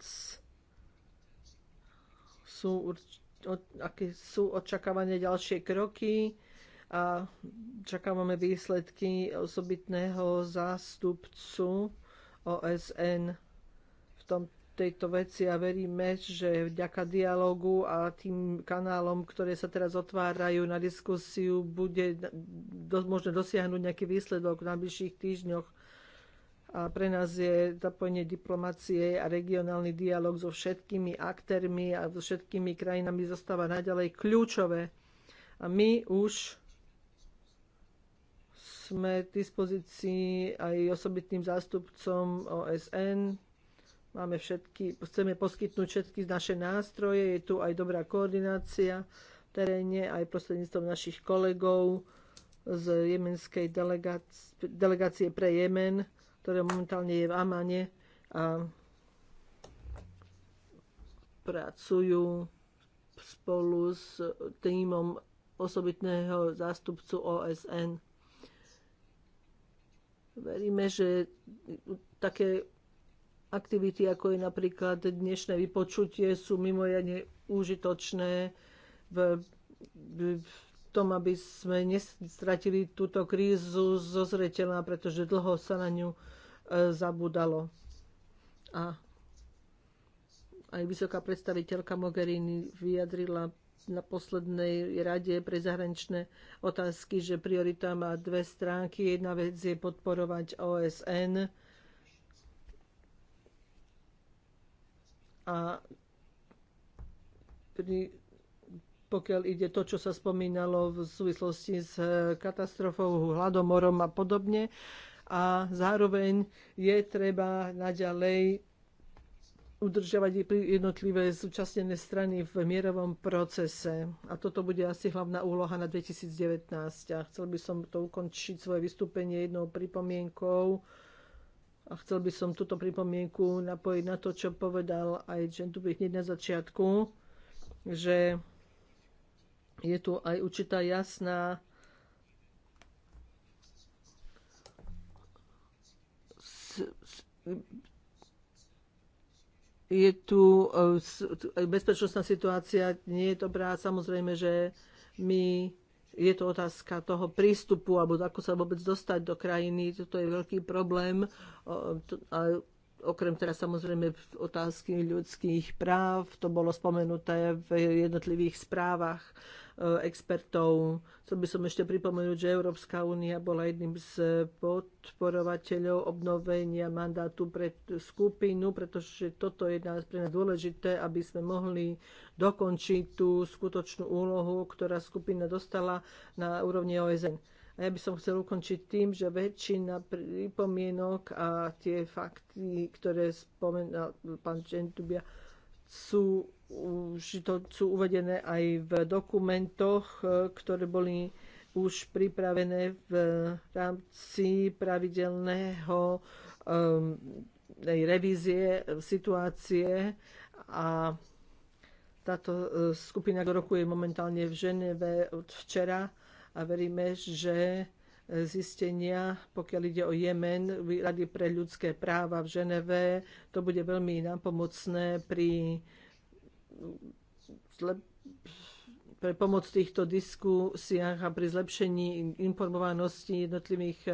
Sú, aké sú očakávané ďalšie kroky a čakávame výsledky osobitného zástupcu OSN v tom, tejto veci a veríme, že vďaka dialogu a tým kanálom, ktoré sa teraz otvárajú na diskusiu, bude do, možno dosiahnuť nejaký výsledok v najbližších týždňoch. A pre nás je zapojenie diplomácie a regionálny dialog so všetkými aktérmi a so všetkými krajinami zostáva naďalej kľúčové. A my už sme k dispozícii aj osobitným zástupcom OSN. Máme všetky, chceme poskytnúť všetky naše nástroje, je tu aj dobrá koordinácia v teréne, aj prostredníctvom našich kolegov z jemenskej delegácie, delegácie pre Jemen, ktoré momentálne je v Amane a pracujú spolu s týmom osobitného zástupcu OSN Veríme, že také aktivity, ako je napríklad dnešné vypočutie, sú mimoriadne užitočné v, v tom, aby sme nestratili túto krízu zo zreteľa, pretože dlho sa na ňu e, zabudalo. A aj vysoká predstaviteľka Mogherini vyjadrila na poslednej rade pre zahraničné otázky, že priorita má dve stránky. Jedna vec je podporovať OSN a pri, pokiaľ ide to, čo sa spomínalo v súvislosti s eh, katastrofou, hladomorom a podobne. A zároveň je treba naďalej udržiavať jednotlivé zúčastnené strany v mierovom procese. A toto bude asi hlavná úloha na 2019. A chcel by som to ukončiť svoje vystúpenie jednou pripomienkou. A chcel by som túto pripomienku napojiť na to, čo povedal aj Džentubik hneď na začiatku, že je tu aj určitá jasná je tu e, e, bezpečnostná situácia, nie je dobrá. Samozrejme, že my je to otázka toho prístupu, alebo ako sa vôbec dostať do krajiny. Toto je veľký problém okrem teda samozrejme otázky ľudských práv, to bolo spomenuté v jednotlivých správach eh, expertov. Chcel by som ešte pripomenúť, že Európska únia bola jedným z podporovateľov obnovenia mandátu pre skupinu, pretože toto je pre nás dôležité, aby sme mohli dokončiť tú skutočnú úlohu, ktorá skupina dostala na úrovni OSN a ja by som chcel ukončiť tým, že väčšina pripomienok a tie fakty, ktoré spomenul pán Čentubia, sú, to, sú uvedené aj v dokumentoch, e, ktoré boli už pripravené v rámci pravidelného um, revízie situácie a táto e, skupina, ktorá je momentálne v Ženeve od včera, a veríme, že e, zistenia, pokiaľ ide o Jemen, Rady pre ľudské práva v Ženeve, to bude veľmi nápomocné pri pre pomoc týchto diskusiách a pri zlepšení informovanosti jednotlivých e,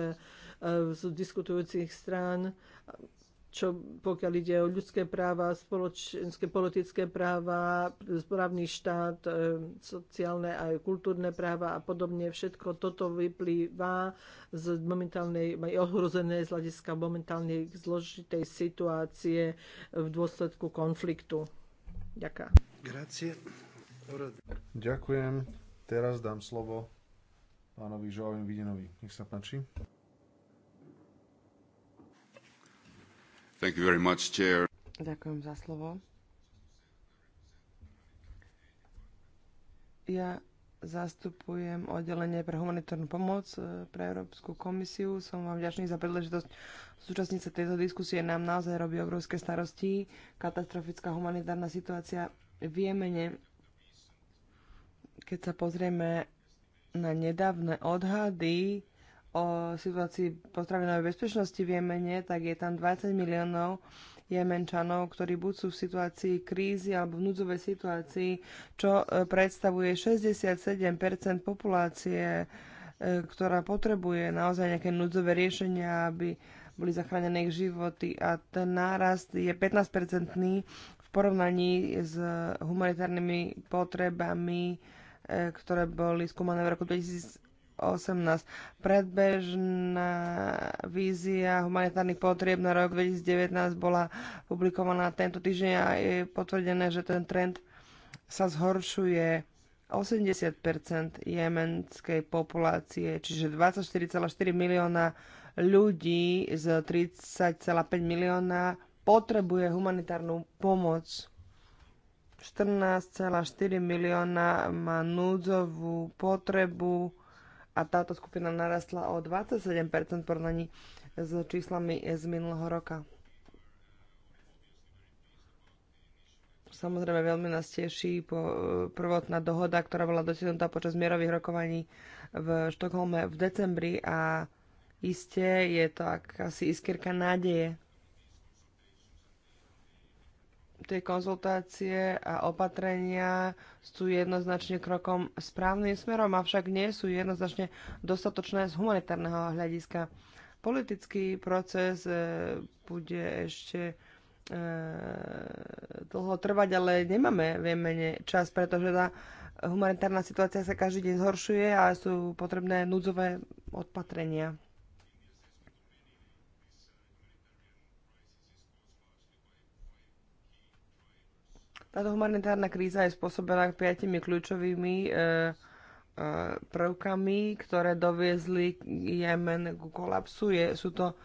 e, diskutujúcich strán čo pokiaľ ide o ľudské práva, spoločenské politické práva, správny štát, e, sociálne aj kultúrne práva a podobne. Všetko toto vyplýva z momentálnej, aj ohrozené z hľadiska momentálnej zložitej situácie v dôsledku konfliktu. Ďakujem. Ďakujem. Teraz dám slovo pánovi Žoavim Vidinovi. Nech sa páči. Thank you very much, chair. Ďakujem za slovo. Ja zastupujem oddelenie pre humanitárnu pomoc e, pre Európsku komisiu. Som vám vďačný za príležitosť zúčastniť sa tejto diskusie. Nám naozaj robí obrovské starosti katastrofická humanitárna situácia v Jemene. Keď sa pozrieme na nedávne odhady o situácii potravinovej bezpečnosti v Jemene, tak je tam 20 miliónov Jemenčanov, ktorí buď sú v situácii krízy alebo v núdzovej situácii, čo e, predstavuje 67 populácie, e, ktorá potrebuje naozaj nejaké núdzové riešenia, aby boli zachránené ich životy a ten nárast je 15-percentný v porovnaní s humanitárnymi potrebami, e, ktoré boli skúmané v roku 2000, Predbežná vízia humanitárnych potrieb na rok 2019 bola publikovaná tento týždeň a je potvrdené, že ten trend sa zhoršuje. 80 jemenskej populácie, čiže 24,4 milióna ľudí z 30,5 milióna potrebuje humanitárnu pomoc. 14,4 milióna má núdzovú potrebu a táto skupina narastla o 27% porovnaní s číslami z minulého roka. Samozrejme, veľmi nás teší po prvotná dohoda, ktorá bola dosiahnutá počas mierových rokovaní v Štokholme v decembri a iste je to akási iskierka nádeje tie konzultácie a opatrenia sú jednoznačne krokom správnym smerom, avšak nie sú jednoznačne dostatočné z humanitárneho hľadiska. Politický proces e, bude ešte e, dlho trvať, ale nemáme vieme čas, pretože tá humanitárna situácia sa každý deň zhoršuje a sú potrebné núdzové odpatrenia. Táto humanitárna kríza je spôsobená piatimi kľúčovými e, e, prvkami, ktoré doviezli Jemen k kolapsu. Je, sú to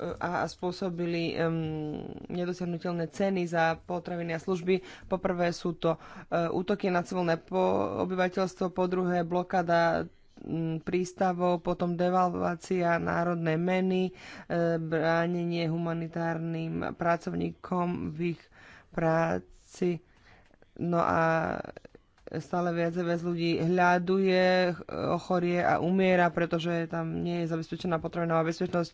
e, a, spôsobili um, nedosiahnutelné ceny za potraviny a služby. Poprvé sú to uh, útoky na civilné po- obyvateľstvo, po druhé blokáda um, prístavov, potom devalvácia národnej meny, uh, bránenie humanitárnym pracovníkom v ich práci No a stále viac a viac ľudí hľaduje, ochorie a umiera, pretože tam nie je zabezpečená potrebná bezpečnosť.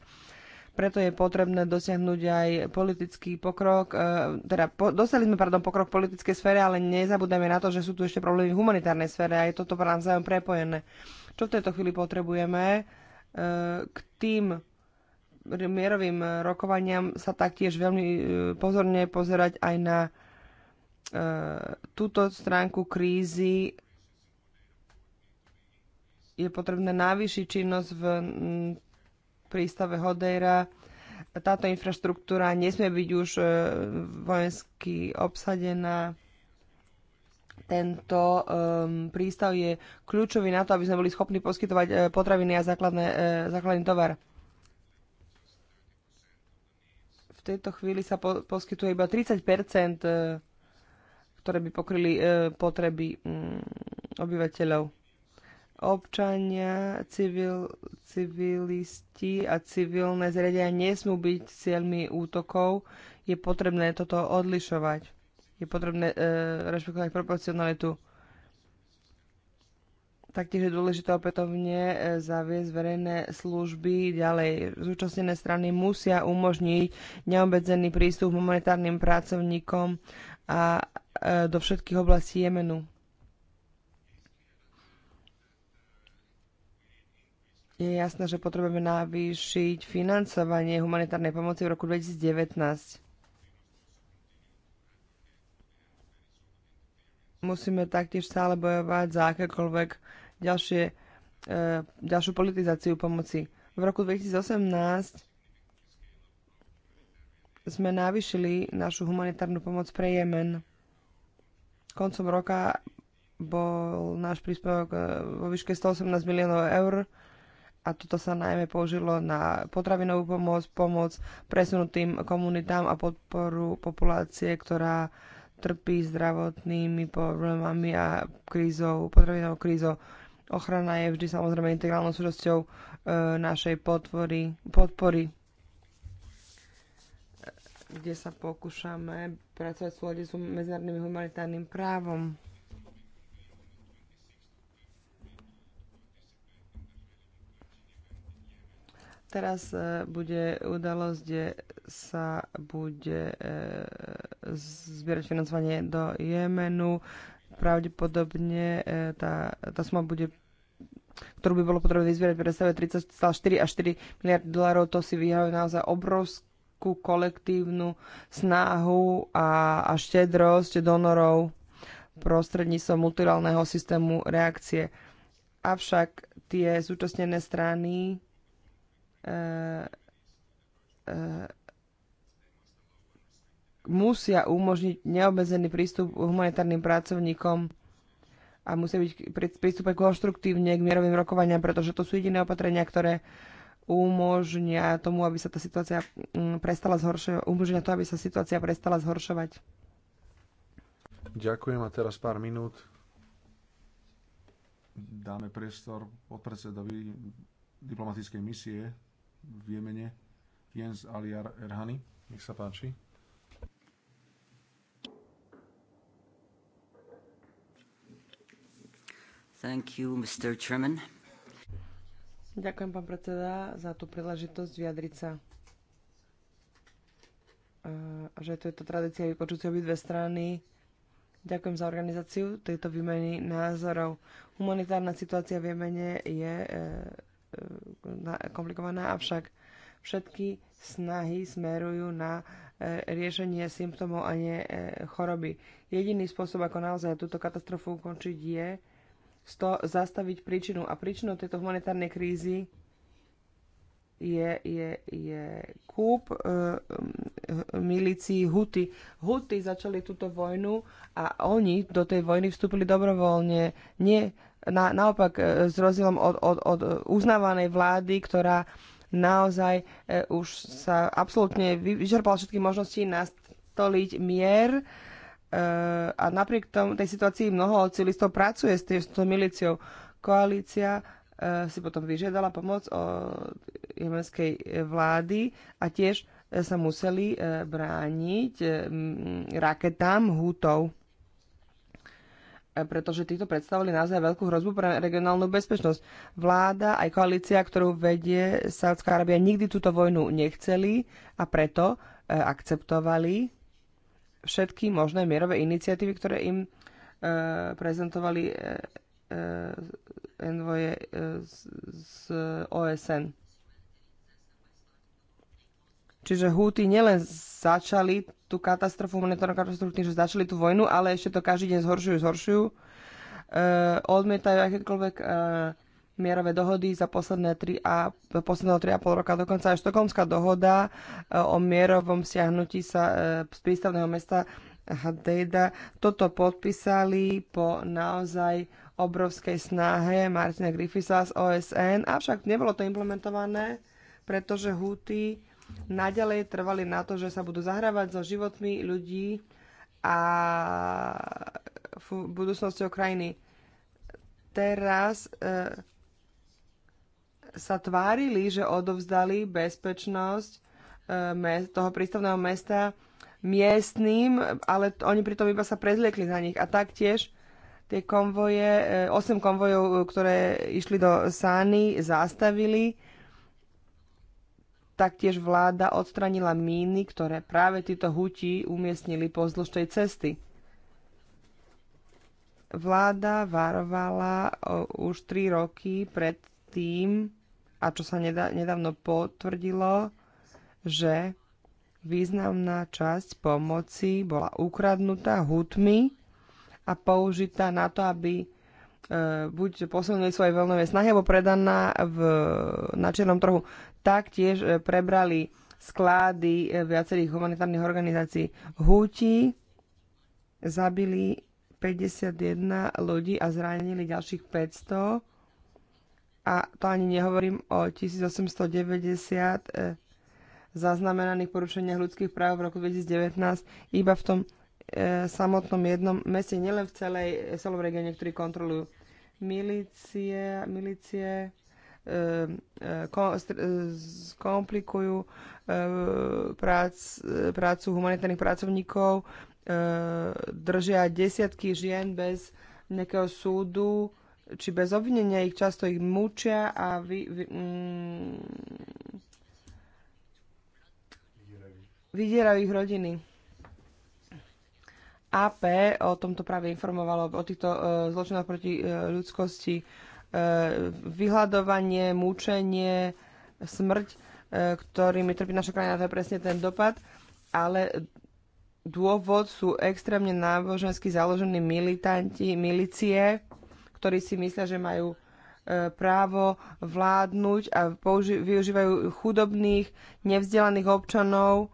Preto je potrebné dosiahnuť aj politický pokrok, e, teda po, dosiahli sme pardon, pokrok v politickej sfére, ale nezabudneme na to, že sú tu ešte problémy v humanitárnej sfére a je toto nás prepojené. Čo v tejto chvíli potrebujeme? E, k tým mierovým rokovaniam sa taktiež veľmi e, pozorne pozerať aj na E, túto stránku krízy je potrebné navýšiť činnosť v prístave Hodeira. Táto infraštruktúra nesmie byť už e, vojensky obsadená. Tento um, prístav je kľúčový na to, aby sme boli schopní poskytovať uh, potraviny a základné, uh, základný tovar. V tejto chvíli sa po- poskytuje iba 30 uh, ktoré by pokryli e, potreby mm, obyvateľov. Občania, civil, civilisti a civilné zriadenia nesmú byť cieľmi útokov. Je potrebné toto odlišovať. Je potrebné e, rešpektovať proporcionalitu. Taktiež je dôležité opätovne e, zaviesť verejné služby ďalej. Zúčastnené strany musia umožniť neobmedzený prístup humanitárnym pracovníkom a E, do všetkých oblastí Jemenu. Je jasné, že potrebujeme navýšiť financovanie humanitárnej pomoci v roku 2019. Musíme taktiež stále bojovať za akékoľvek ďalšie, e, ďalšiu politizáciu pomoci. V roku 2018 sme navýšili našu humanitárnu pomoc pre Jemen koncom roka bol náš príspevok e, vo výške 118 miliónov eur a toto sa najmä použilo na potravinovú pomoc, pomoc presunutým komunitám a podporu populácie, ktorá trpí zdravotnými problémami a krízou, potravinovou krízou. Ochrana je vždy samozrejme integrálnou súčasťou e, našej podpory, podpory kde sa pokúšame pracovať v súlade s medzinárodným humanitárnym právom. Teraz e, bude udalosť, kde sa bude e, zbierať financovanie do Jemenu. Pravdepodobne e, tá, tá suma bude ktorú by bolo potrebné vyzvierať, pre sebe 30,4 až 4 miliardy dolarov, to si vyhajú naozaj obrovské veľkú kolektívnu snahu a, a štedrosť donorov prostredníctvom multilálneho systému reakcie. Avšak tie zúčastnené strany e, e, musia umožniť neobmedzený prístup humanitárnym pracovníkom a musia byť prístupe konštruktívne k mierovým rokovaniam, pretože to sú jediné opatrenia, ktoré umožnia tomu, aby sa tá situácia mm, prestala zhoršovať, umožnia to, aby sa situácia prestala zhoršovať. Ďakujem a teraz pár minút. Dáme priestor podpredsedovi diplomatickej misie v Jemene, Jens Aliar Erhani. Nech sa páči. Thank you, Mr. Chairman. Ďakujem, pán predseda, za tú príležitosť vyjadriť sa. Že to je to tradícia vypočuť obidve strany. Ďakujem za organizáciu tejto výmeny názorov. Humanitárna situácia v Jemene je e, e, komplikovaná, avšak všetky snahy smerujú na e, riešenie symptómov a nie choroby. Jediný spôsob, ako naozaj túto katastrofu ukončiť, je zastaviť príčinu. A príčinou tejto humanitárnej krízy je, je, je kúp e, e, milícií Huty. Huty začali túto vojnu a oni do tej vojny vstúpili dobrovoľne. Nie, na, naopak e, s rozdielom od, od, od uznávanej vlády, ktorá naozaj e, už sa absolútne vyčerpala všetky možnosti nastoliť mier. E, a napriek tom, tej situácii mnoho civilistov pracuje s, tým, s tou miliciou. Koalícia e, si potom vyžiadala pomoc od jemenskej vlády a tiež e, sa museli e, brániť raketám hútov pretože títo predstavovali naozaj veľkú hrozbu pre regionálnu bezpečnosť. Vláda aj koalícia, ktorú vedie Saudská Arábia, nikdy túto vojnu nechceli a preto akceptovali všetky možné mierové iniciatívy, ktoré im e, prezentovali e, e, envoje e, z, z OSN. Čiže Húty nielen začali tú katastrofu, monetárnu katastrofu tým, že začali tú vojnu, ale ešte to každý deň zhoršujú, zhoršujú. E, odmietajú akékoľvek e, mierové dohody za posledné 3 a, posledného 3,5 roka. Dokonca aj štokholmská dohoda e, o mierovom stiahnutí sa e, z prístavného mesta Hadejda. Toto podpísali po naozaj obrovskej snahe Martina Griffisa z OSN, avšak nebolo to implementované, pretože Huty naďalej trvali na to, že sa budú zahrávať so životmi ľudí a budúcnosťou krajiny. Teraz e, sa tvárili, že odovzdali bezpečnosť e, toho prístavného mesta miestným, ale oni pritom iba sa prezliekli na nich. A taktiež tie konvoje, 8 e, konvojov, e, ktoré išli do Sány, zastavili. Taktiež vláda odstranila míny, ktoré práve títo huti umiestnili pozdĺž tej cesty. Vláda varovala už 3 roky pred tým, a čo sa nedávno potvrdilo, že významná časť pomoci bola ukradnutá hutmi a použitá na to, aby e, buď posunuli svoje voľnové snahy, alebo predaná v, na čiernom trhu. Taktiež e, prebrali sklády e, viacerých humanitárnych organizácií. Húti zabili 51 ľudí a zranili ďalších 500 a to ani nehovorím o 1890 e, zaznamenaných porušeniach ľudských práv v roku 2019 iba v tom e, samotnom jednom meste, nielen v celej, e, celom regióne, ktorý kontrolujú milície, milície e, skomplikujú prác, prácu humanitárnych pracovníkov, držia desiatky žien bez nejakého súdu, či bez obvinenia ich často ich mučia a vy, vy, mm, vydierajú ich rodiny. AP o tomto práve informovalo, o týchto uh, zločinoch proti uh, ľudskosti, uh, vyhľadovanie, mučenie, smrť, uh, ktorými trpí naša krajina, to je presne ten dopad, ale dôvod sú extrémne nábožensky založení militanti, milície, ktorí si myslia, že majú e, právo vládnuť a využívajú chudobných, nevzdelaných občanov e,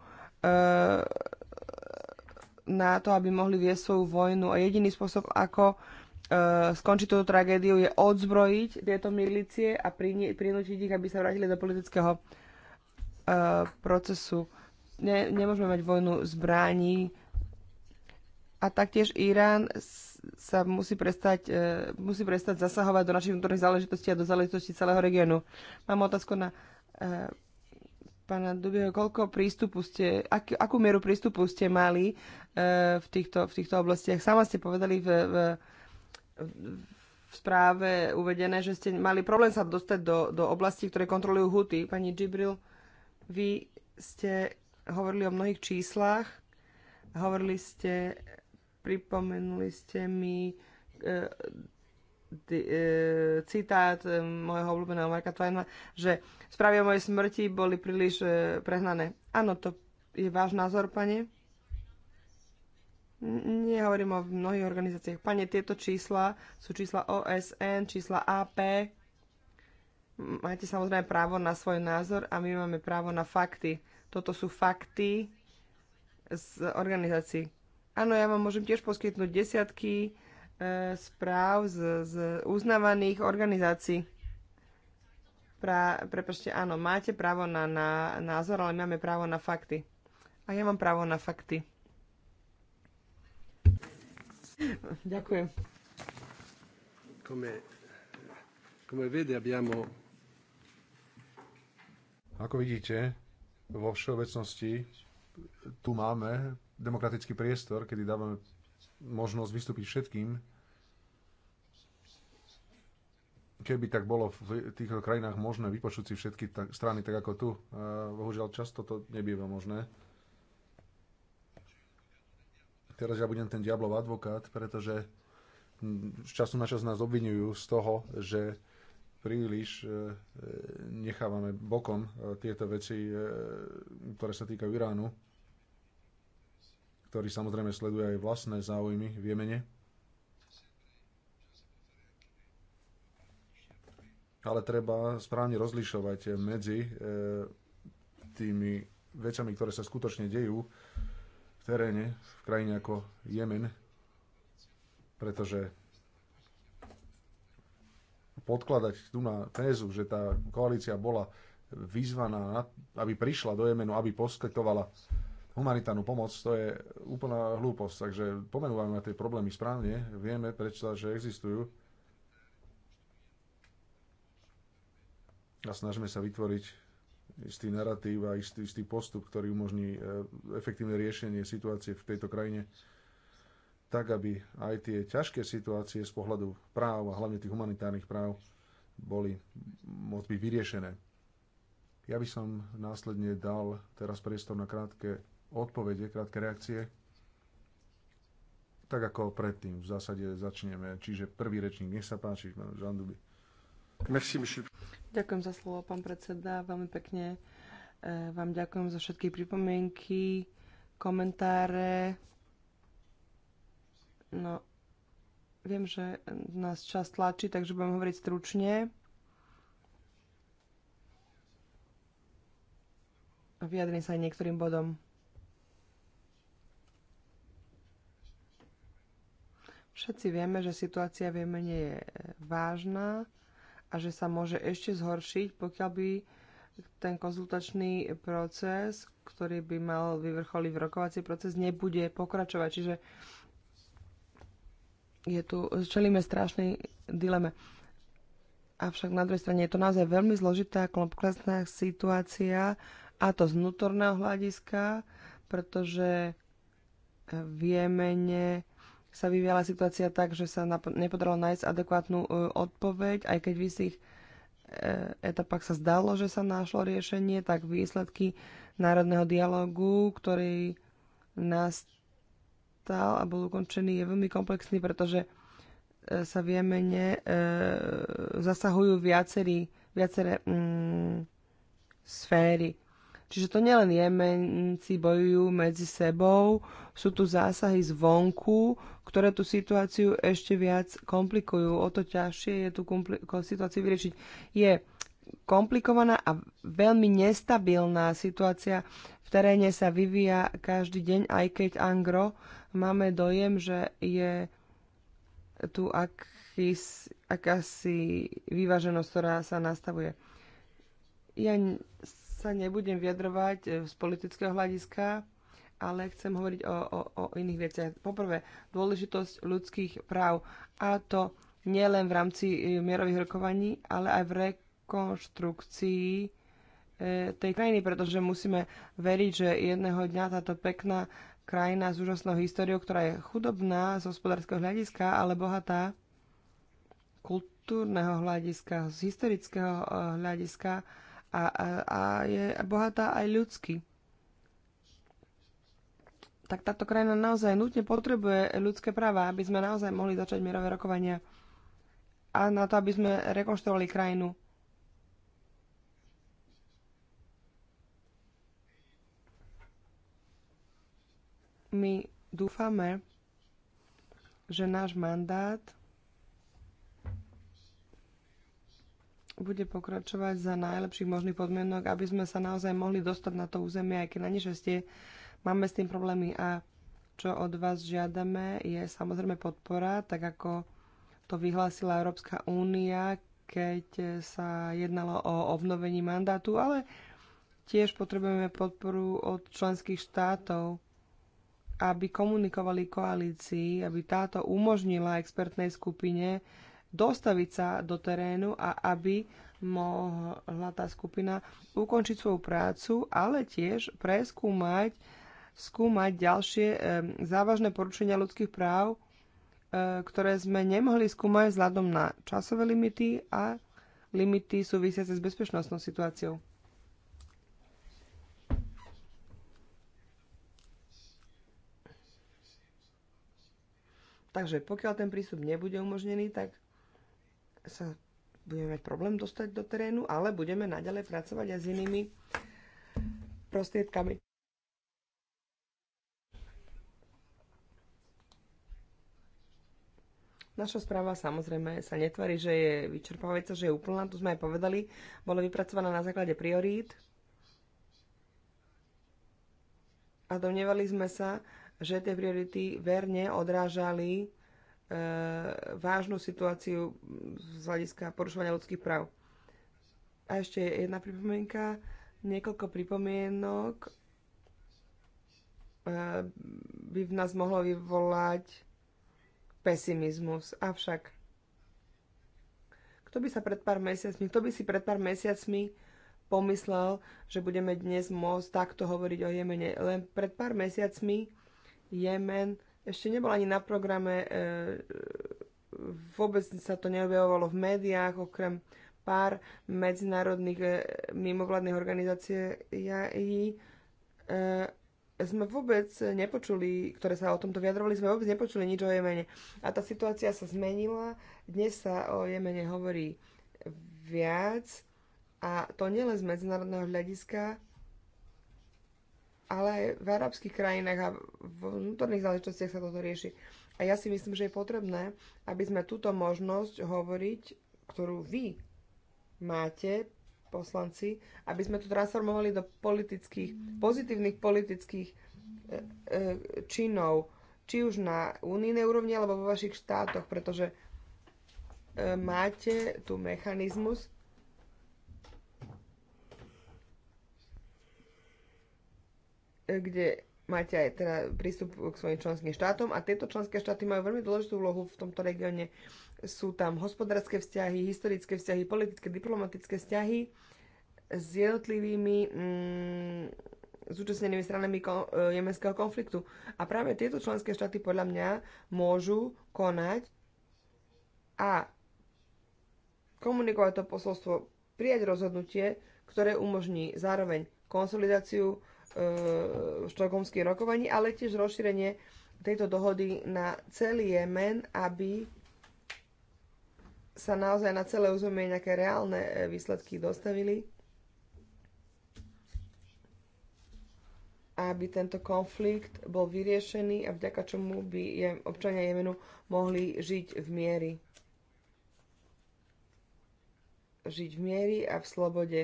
na to, aby mohli viesť svoju vojnu. A jediný spôsob, ako e, skončiť túto tragédiu, je odzbrojiť tieto milície a prinútiť ich, aby sa vrátili do politického procesu. Ne, nemôžeme mať vojnu zbraní. A taktiež Irán sa musí prestať, e, musí prestať zasahovať do našich vnútorných záležitostí a do záležitostí celého regiónu. Mám otázku na e, pána Dubieho, koľko prístupu ste, ak, akú mieru prístupu ste mali e, v, týchto, v týchto oblastiach? Sama ste povedali v, v, v správe uvedené, že ste mali problém sa dostať do, do oblasti, ktoré kontrolujú huty. Pani Džibril, vy ste hovorili o mnohých číslach, hovorili ste Pripomenuli ste mi e, d, e, citát e, môjho obľúbeného Marka Twaina, že správy o mojej smrti boli príliš e, prehnané. Áno, to je váš názor, pane? Nehovorím o mnohých organizáciách. Pane, tieto čísla sú čísla OSN, čísla AP. Máte samozrejme právo na svoj názor a my máme právo na fakty. Toto sú fakty z organizácií. Áno, ja vám môžem tiež poskytnúť desiatky e, správ z, z uznávaných organizácií. Pra, prepašte, áno, máte právo na, na názor, ale máme právo na fakty. A ja mám právo na fakty. Ďakujem. Come, come vede, abbiamo... Ako vidíte, vo všeobecnosti tu máme demokratický priestor, kedy dávame možnosť vystúpiť všetkým. Keby tak bolo v týchto krajinách možné vypočuť si všetky tak, strany tak ako tu, bohužiaľ často to nebýva možné. Teraz ja budem ten diablov advokát, pretože z času na čas nás obvinujú z toho, že príliš e, e, nechávame bokom e, tieto veci, ktoré sa týkajú Iránu ktorý samozrejme sleduje aj vlastné záujmy v Jemene. Ale treba správne rozlišovať medzi e, tými vecami, ktoré sa skutočne dejú v teréne, v krajine ako Jemen, pretože podkladať tu na tézu, že tá koalícia bola vyzvaná, aby prišla do Jemenu, aby poskytovala humanitárnu pomoc, to je úplná hlúposť. Takže pomenúvame tie problémy správne, vieme prečo, že existujú a snažíme sa vytvoriť istý narratív a istý, istý postup, ktorý umožní e, efektívne riešenie situácie v tejto krajine tak, aby aj tie ťažké situácie z pohľadu práv a hlavne tých humanitárnych práv boli môcť byť vyriešené. Ja by som následne dal teraz priestor na krátke odpovede, krátke reakcie. Tak ako predtým, v zásade začneme. Čiže prvý rečník, nech sa páči, Jean Duby. Merci, Ďakujem za slovo, pán predseda, veľmi pekne. E, vám ďakujem za všetky pripomienky, komentáre. No, viem, že nás čas tlačí, takže budem hovoriť stručne. Vyjadrím sa aj niektorým bodom. Všetci vieme, že situácia v Jemene je vážna a že sa môže ešte zhoršiť, pokiaľ by ten konzultačný proces, ktorý by mal vyvrcholiť v rokovací proces, nebude pokračovať. Čiže je tu, čelíme strašný dileme. Avšak na druhej strane je to naozaj veľmi zložitá, klopklesná situácia a to z nutorného hľadiska, pretože v Jemene sa vyviala situácia tak, že sa nepodarilo nájsť adekvátnu e, odpoveď, aj keď v istých e, etapách sa zdalo, že sa našlo riešenie, tak výsledky národného dialogu, ktorý nastal a bol ukončený, je veľmi komplexný, pretože e, sa v Jemene e, zasahujú viacerí, viaceré mm, sféry. Čiže to nielen Jemenci bojujú medzi sebou, sú tu zásahy zvonku, ktoré tú situáciu ešte viac komplikujú. O to ťažšie je tú situáciu vyriešiť. Je komplikovaná a veľmi nestabilná situácia v teréne sa vyvíja každý deň, aj keď angro máme dojem, že je tu akýs, akási vyváženosť, ktorá sa nastavuje. Ja sa nebudem vyjadrovať eh, z politického hľadiska, ale chcem hovoriť o, o, o iných veciach. Poprvé, dôležitosť ľudských práv a to nielen v rámci e, mierových rokovaní, ale aj v rekonštrukcii e, tej krajiny, pretože musíme veriť, že jedného dňa táto pekná krajina s úžasnou históriou, ktorá je chudobná z hospodárskeho hľadiska, ale bohatá kultúrneho hľadiska, z historického e, hľadiska a, a, a je bohatá aj ľudsky tak táto krajina naozaj nutne potrebuje ľudské práva, aby sme naozaj mohli začať mierové rokovania a na to, aby sme rekonštruovali krajinu. My dúfame, že náš mandát bude pokračovať za najlepších možných podmienok, aby sme sa naozaj mohli dostať na to územie, aj keď na nešestie, Máme s tým problémy a čo od vás žiadame je samozrejme podpora, tak ako to vyhlásila Európska únia, keď sa jednalo o obnovení mandátu, ale tiež potrebujeme podporu od členských štátov, aby komunikovali koalícii, aby táto umožnila expertnej skupine dostaviť sa do terénu a aby mohla tá skupina ukončiť svoju prácu, ale tiež preskúmať skúmať ďalšie e, závažné porušenia ľudských práv, e, ktoré sme nemohli skúmať vzhľadom na časové limity a limity súvisiace s bezpečnostnou situáciou. Takže pokiaľ ten prístup nebude umožnený, tak sa budeme mať problém dostať do terénu, ale budeme naďalej pracovať aj s inými prostriedkami. Naša správa samozrejme sa netvarí, že je vyčerpávajúca, že je úplná, to sme aj povedali. Bola vypracovaná na základe priorít. A domnievali sme sa, že tie priority verne odrážali e, vážnu situáciu z hľadiska porušovania ľudských práv. A ešte jedna pripomienka, niekoľko pripomienok e, by v nás mohlo vyvolať pesimizmus. Avšak, kto by sa pred pár mesiacmi, kto by si pred pár mesiacmi pomyslel, že budeme dnes môcť takto hovoriť o Jemene. Len pred pár mesiacmi Jemen ešte nebol ani na programe, e, vôbec sa to neobjavovalo v médiách, okrem pár medzinárodných e, mimovládnych organizácií. E, sme vôbec nepočuli, ktoré sa o tomto vyjadrovali, sme vôbec nepočuli nič o Jemene. A tá situácia sa zmenila, dnes sa o Jemene hovorí viac a to nielen z medzinárodného hľadiska, ale aj v arabských krajinách a v vnútorných záležitostiach sa toto rieši. A ja si myslím, že je potrebné, aby sme túto možnosť hovoriť, ktorú vy máte, poslanci, aby sme to transformovali do politických, pozitívnych politických e, e, činov, či už na unijnej úrovni alebo vo vašich štátoch, pretože e, máte tu mechanizmus, e, kde máte aj teda prístup k svojim členským štátom a tieto členské štáty majú veľmi dôležitú úlohu v tomto regióne sú tam hospodárske vzťahy, historické vzťahy, politické, diplomatické vzťahy s jednotlivými mm, zúčastnenými stranami kon, e, jemenského konfliktu. A práve tieto členské štáty podľa mňa môžu konať a komunikovať to posolstvo, prijať rozhodnutie, ktoré umožní zároveň konsolidáciu e, štokholmských rokovaní, ale tiež rozšírenie tejto dohody na celý Jemen, aby sa naozaj na celé územie nejaké reálne e, výsledky dostavili, aby tento konflikt bol vyriešený a vďaka čomu by občania Jemenu mohli žiť v miery. Žiť v miery a v slobode.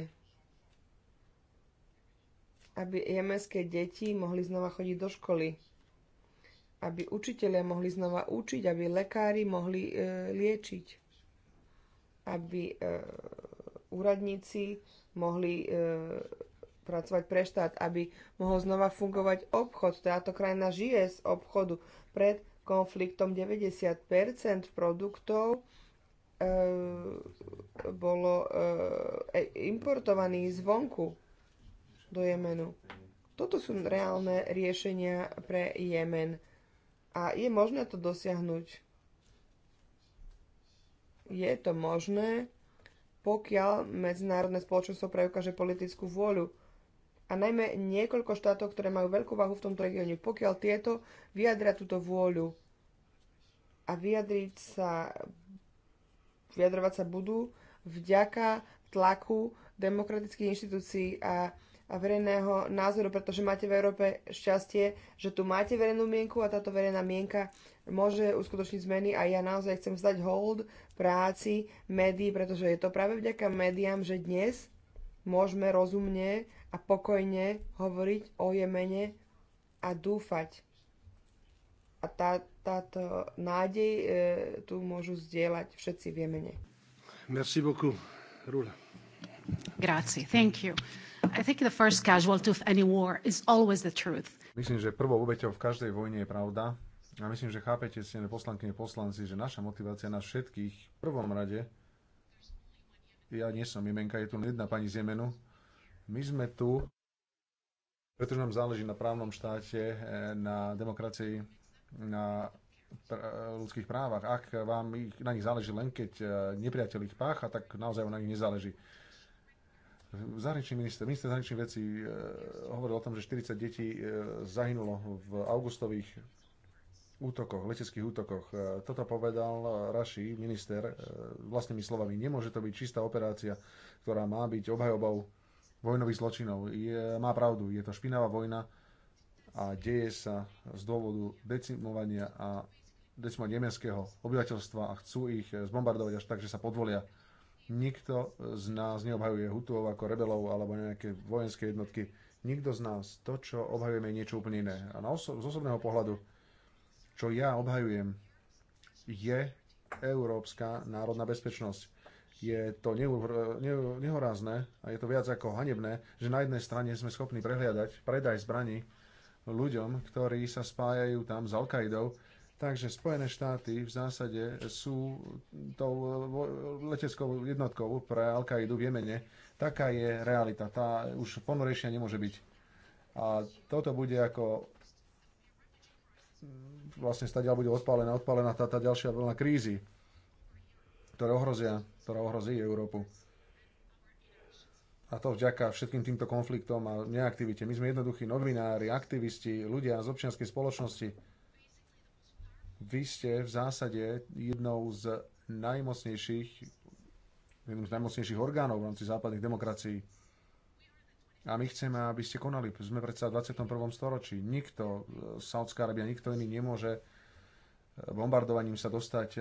Aby jemenské deti mohli znova chodiť do školy. Aby učitelia mohli znova učiť, aby lekári mohli e, liečiť aby e, úradníci mohli e, pracovať pre štát, aby mohol znova fungovať obchod. Táto krajina žije z obchodu. Pred konfliktom 90% produktov e, bolo e, importovaných zvonku do Jemenu. Toto sú reálne riešenia pre Jemen a je možné to dosiahnuť. Je to možné, pokiaľ medzinárodné spoločenstvo preukáže politickú vôľu a najmä niekoľko štátov, ktoré majú veľkú váhu v tomto regióne, pokiaľ tieto vyjadria túto vôľu a vyjadriť sa, vyjadrovať sa budú vďaka tlaku demokratických inštitúcií a, a verejného názoru, pretože máte v Európe šťastie, že tu máte verejnú mienku a táto verejná mienka môže uskutočniť zmeny a ja naozaj chcem vzdať hold práci médií, pretože je to práve vďaka médiám, že dnes môžeme rozumne a pokojne hovoriť o Jemene a dúfať. A tá, táto nádej e, tu môžu zdieľať všetci v Jemene. Merci beaucoup, Rula. Grazie, thank you. I think the first casualty of any war is always the truth. Myslím, že prvou obeťou v každej vojne je pravda. A myslím, že chápete, poslanky poslankyne poslanci, že naša motivácia na všetkých v prvom rade, ja nie som Jemenka, je tu jedna pani z Jemenu, my sme tu, pretože nám záleží na právnom štáte, eh, na demokracii, na pr- eh, ľudských právach. Ak vám ich, na nich záleží len keď eh, nepriateľ ich pácha, tak naozaj na nich nezáleží zahraničný minister, minister zahraničných vecí e, hovoril o tom, že 40 detí e, zahynulo v augustových útokoch, leteckých útokoch. E, toto povedal Raši, minister, e, vlastnými slovami. Nemôže to byť čistá operácia, ktorá má byť obhajobou vojnových zločinov. Je, má pravdu, je to špinavá vojna a deje sa z dôvodu decimovania a decimovania nemeckého obyvateľstva a chcú ich e, zbombardovať až tak, že sa podvolia. Nikto z nás neobhajuje Hutov ako rebelov alebo nejaké vojenské jednotky. Nikto z nás. To, čo obhajujeme, je niečo úplne iné. A na oso- z osobného pohľadu čo ja obhajujem, je európska národná bezpečnosť. Je to nehorázne a je to viac ako hanebné, že na jednej strane sme schopní prehliadať predaj zbraní ľuďom, ktorí sa spájajú tam s Al-Qaidou, Takže Spojené štáty v zásade sú tou leteckou jednotkou pre Al-Kaidu v Jemene. Taká je realita. Tá už ponorejšia nemôže byť. A toto bude ako vlastne stadiaľ bude odpálená, odpálená tá, tá ďalšia vlna krízy, ktoré ohrozia, ktorá ohrozí Európu. A to vďaka všetkým týmto konfliktom a neaktivite. My sme jednoduchí novinári, aktivisti, ľudia z občianskej spoločnosti. Vy ste v zásade jednou z najmocnejších, jedným z najmocnejších orgánov v rámci západných demokracií. A my chceme, aby ste konali. Sme predsa v 21. storočí. Nikto, e, Saudská Arábia, nikto iný nemôže e, bombardovaním sa dostať e,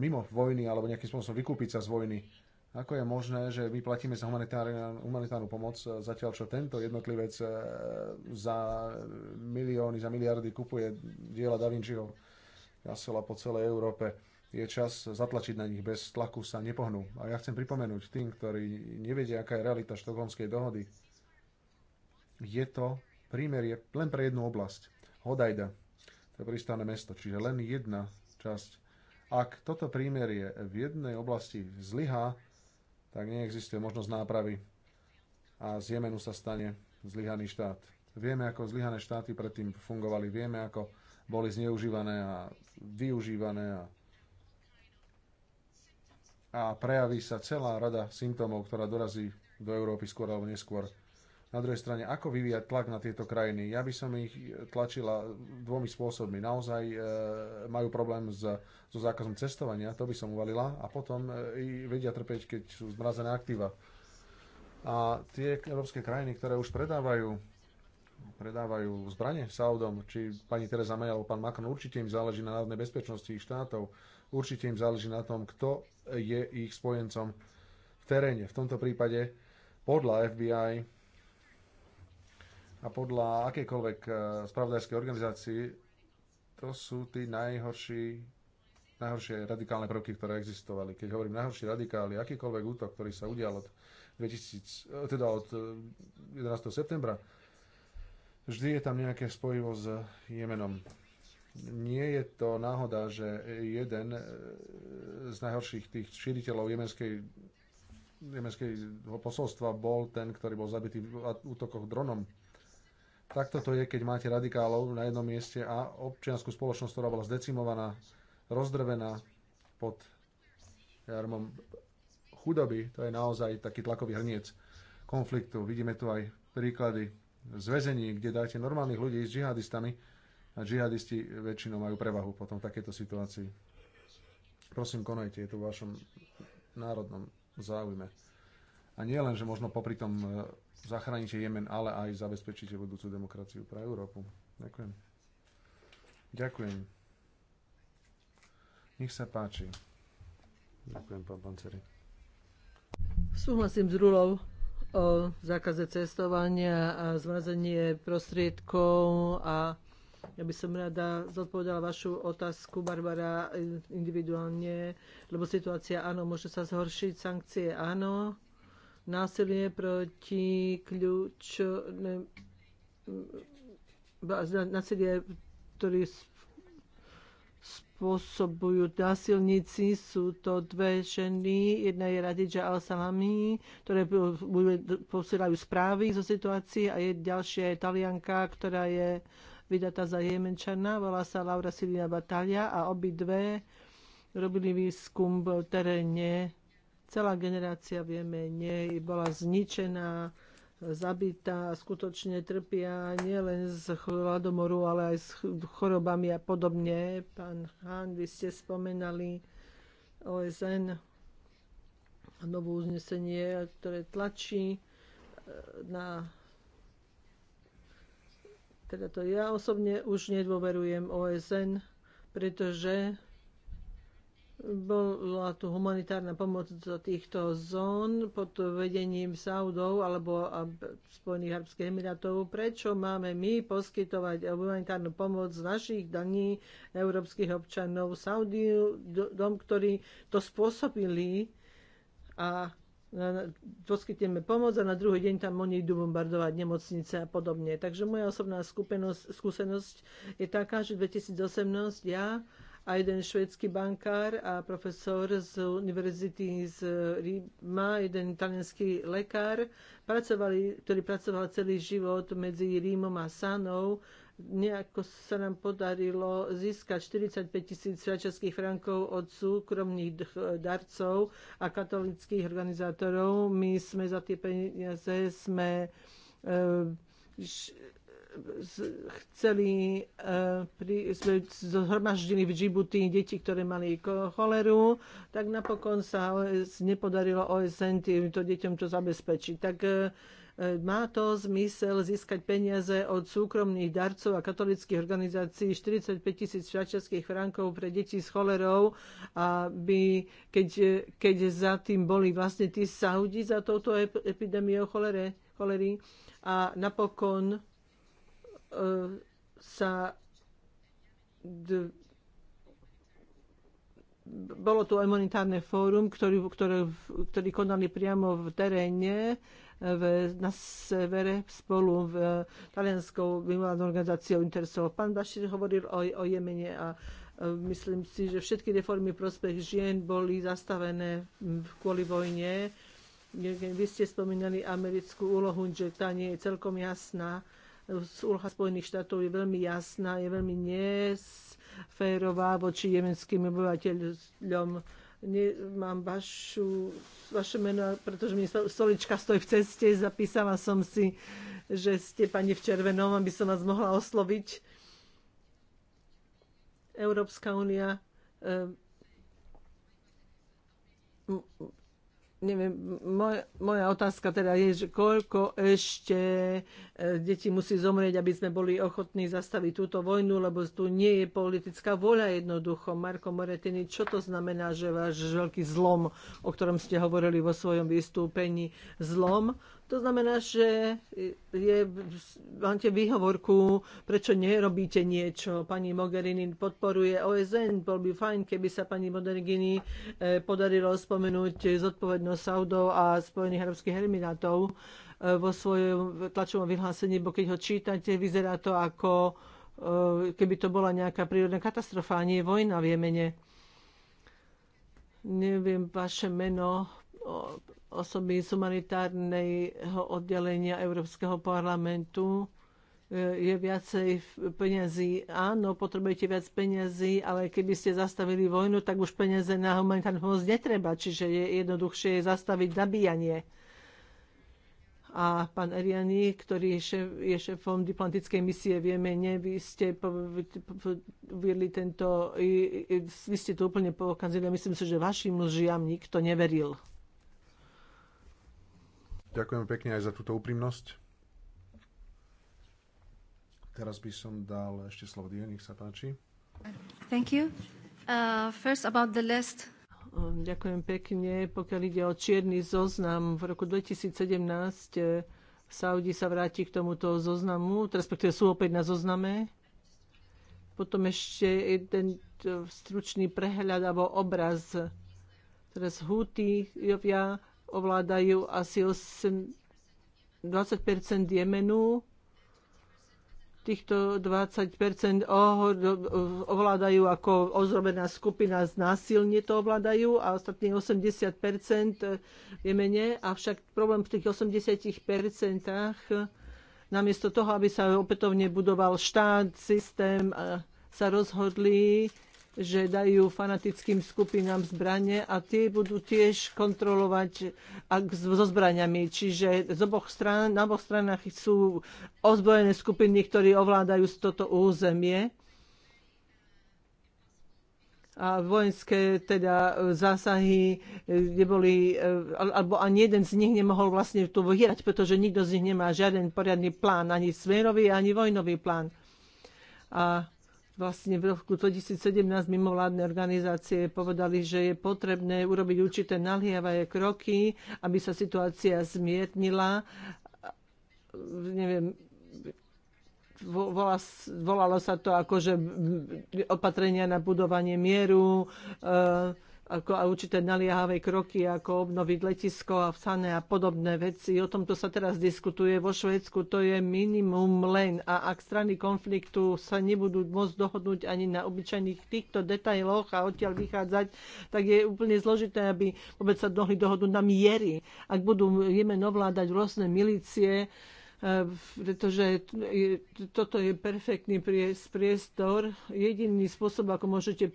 mimo vojny alebo nejakým spôsobom vykúpiť sa z vojny. Ako je možné, že my platíme za humanitárnu pomoc, zatiaľ čo tento jednotlivec za milióny, za miliardy kupuje diela Da Vinciho Jasela po celej Európe je čas zatlačiť na nich, bez tlaku sa nepohnú. A ja chcem pripomenúť tým, ktorí nevedia, aká je realita štokholmskej dohody, je to prímer je len pre jednu oblasť. Hodajda, to je pristávne mesto, čiže len jedna časť. Ak toto prímerie v jednej oblasti zlyhá, tak neexistuje možnosť nápravy a z Jemenu sa stane zlyhaný štát. Vieme, ako zlyhané štáty predtým fungovali, vieme, ako boli zneužívané a využívané a a prejaví sa celá rada symptómov, ktorá dorazí do Európy skôr alebo neskôr. Na druhej strane, ako vyvíjať tlak na tieto krajiny? Ja by som ich tlačila dvomi spôsobmi. Naozaj e, majú problém s, so zákazom cestovania, to by som uvalila, a potom e, vedia trpeť, keď sú zmrazené aktíva. A tie európske krajiny, ktoré už predávajú predávajú zbranie Saudom, či pani Teresa May alebo pán Macron, určite im záleží na národnej bezpečnosti ich štátov Určite im záleží na tom, kto je ich spojencom v teréne. V tomto prípade podľa FBI a podľa akékoľvek eh, spravodajskej organizácii to sú tí najhorší najhoršie radikálne prvky, ktoré existovali. Keď hovorím najhorší radikáli, akýkoľvek útok, ktorý sa udial od, 2000, eh, teda od 11. Eh, septembra, vždy je tam nejaké spojivo s Jemenom nie je to náhoda, že jeden e, z najhorších tých šíriteľov jemenskej jemenského posolstva bol ten, ktorý bol zabitý v útokoch dronom. Takto to je, keď máte radikálov na jednom mieste a občianskú spoločnosť, ktorá bola zdecimovaná, rozdrvená pod jarmom chudoby, to je naozaj taký tlakový hrniec konfliktu. Vidíme tu aj príklady z väzení, kde dáte normálnych ľudí s džihadistami, a džihadisti väčšinou majú prevahu potom v takejto situácii. Prosím, konajte, je to v vašom národnom záujme. A nie len, že možno popri tom e, zachránite Jemen, ale aj zabezpečíte budúcu demokraciu pre Európu. Ďakujem. Ďakujem. Nech sa páči. Ďakujem, pán Panceri. Súhlasím s Rulou o e, zákaze cestovania a zmrazenie prostriedkov a ja by som rada zodpovedala vašu otázku, Barbara, individuálne, lebo situácia áno, môže sa zhoršiť, sankcie áno, násilie proti kľúč, ne, násilie, ktorý spôsobujú násilníci, sú to dve ženy. Jedna je Radidža Al-Salami, ktoré posielajú správy zo situácii a je ďalšia je Talianka, ktorá je vydatá za Jemenčana, volá sa Laura Silvia Batalia a obidve robili výskum v teréne. Celá generácia v Jemene bola zničená, zabitá, skutočne trpia nielen z hladomoru, ale aj s chorobami a podobne. Pán Hán, vy ste spomenali OSN novú uznesenie, ktoré tlačí e, na teda to ja osobne už nedôverujem OSN, pretože bola tu humanitárna pomoc do týchto zón pod vedením Saudov alebo Spojených Arabských Emirátov. Prečo máme my poskytovať humanitárnu pomoc z našich daní európskych občanov Saudiu, dom, ktorí to spôsobili a poskytneme pomoc a na druhý deň tam oni idú bombardovať nemocnice a podobne. Takže moja osobná skupenosť, skúsenosť je taká, že 2018 ja a jeden švédsky bankár a profesor z univerzity z e, Ríma, jeden italianský lekár, pracovali, ktorý pracoval celý život medzi Rímom a Sanou nejako sa nám podarilo získať 45 tisíc švajčiarských frankov od súkromných darcov a katolických organizátorov. My sme za tie peniaze sme e, chceli, e, pri, sme zhromaždili v Džibuti deti, ktoré mali choleru, tak napokon sa nepodarilo OSN týmto deťom to zabezpečiť. Tak e, má to zmysel získať peniaze od súkromných darcov a katolických organizácií 45 tisíc švajčiarských frankov pre deti s cholerou, aby, keď, keď za tým boli vlastne tí Saudi za touto epidémiou cholere, cholery. A napokon e, sa d, bolo tu monetárne fórum, ktorý, ktoré, ktorý konali priamo v teréne v, na severe spolu v e, talianskou mimovládnou organizáciou Interso. Pán Bašir hovoril o, o Jemene a e, myslím si, že všetky reformy prospech žien boli zastavené kvôli vojne. Vy ste spomínali americkú úlohu, že tá nie je celkom jasná. Úloha Spojených štátov je veľmi jasná, je veľmi nesférová voči jemenským obyvateľom nemám vašu, vaše meno, pretože mi stolička stojí v ceste. Zapísala som si, že ste pani v červenom, aby som vás mohla osloviť. Európska únia eh, neviem, moja, moja otázka teda je, že koľko ešte e, deti musí zomrieť, aby sme boli ochotní zastaviť túto vojnu, lebo tu nie je politická voľa jednoducho. Marko Moretini, čo to znamená, že váš veľký zlom, o ktorom ste hovorili vo svojom vystúpení, zlom to znamená, že je, máte výhovorku, prečo nerobíte niečo. Pani Mogherini podporuje OSN, bol by fajn, keby sa pani Mogherini e, podarilo spomenúť zodpovednosť Saudov a Spojených arabských emirátov e, vo svojom tlačovom vyhlásení, bo keď ho čítate, vyzerá to ako e, keby to bola nejaká prírodná katastrofa a nie vojna v Jemene. Neviem vaše meno, osoby z humanitárneho oddelenia Európskeho parlamentu eh, je viacej peňazí. Áno, potrebujete viac peňazí, ale keby ste zastavili vojnu, tak už peniaze na humanitárnu pomoc netreba, čiže je jednoduchšie zastaviť nabíjanie. A pán Eriani, ktorý je, šéf, je šéfom diplomatickej misie v Jemene, vy ste uviedli tento, vy ste to úplne pokazili a myslím si, že vašim mužiam nikto neveril. Ďakujem pekne aj za túto úprimnosť. Teraz by som dal ešte slovo Die, nech sa páči. Thank you. Uh, first about the list. Ďakujem pekne. Pokiaľ ide o čierny zoznam, v roku 2017 eh, Saudi sa vráti k tomuto zoznamu, respektíve sú opäť na zozname. Potom ešte jeden eh, stručný prehľad alebo obraz. Eh, Teraz Huty, Jovia, ovládajú asi 8, 20 Jemenu, týchto 20 ovládajú ako ozrobená skupina z násilne to ovládajú a ostatní 80 v Jemene. Avšak problém v tých 80 namiesto toho, aby sa opätovne budoval štát, systém, sa rozhodli že dajú fanatickým skupinám zbranie a tie budú tiež kontrolovať ak, so zbraniami. Čiže z oboch stran, na oboch stranách sú ozbrojené skupiny, ktorí ovládajú toto územie a vojenské teda e, zásahy e, neboli, e, alebo ani jeden z nich nemohol vlastne tu vyhrať, pretože nikto z nich nemá žiaden poriadny plán, ani smerový, ani vojnový plán. A vlastne v roku 2017 mimovládne organizácie povedali, že je potrebné urobiť určité naliehavé kroky, aby sa situácia zmietnila. Neviem, volalo sa to akože opatrenia na budovanie mieru, eh, ako a určité naliehavé kroky, ako obnoviť letisko a vsané a podobné veci. O tomto sa teraz diskutuje vo Švédsku. To je minimum len. A ak strany konfliktu sa nebudú môcť dohodnúť ani na obyčajných týchto detailoch a odtiaľ vychádzať, tak je úplne zložité, aby vôbec sa mohli dohodnúť na miery. Ak budú Jemen ovládať rôzne milície, pretože toto je perfektný priestor. Jediný spôsob, ako môžete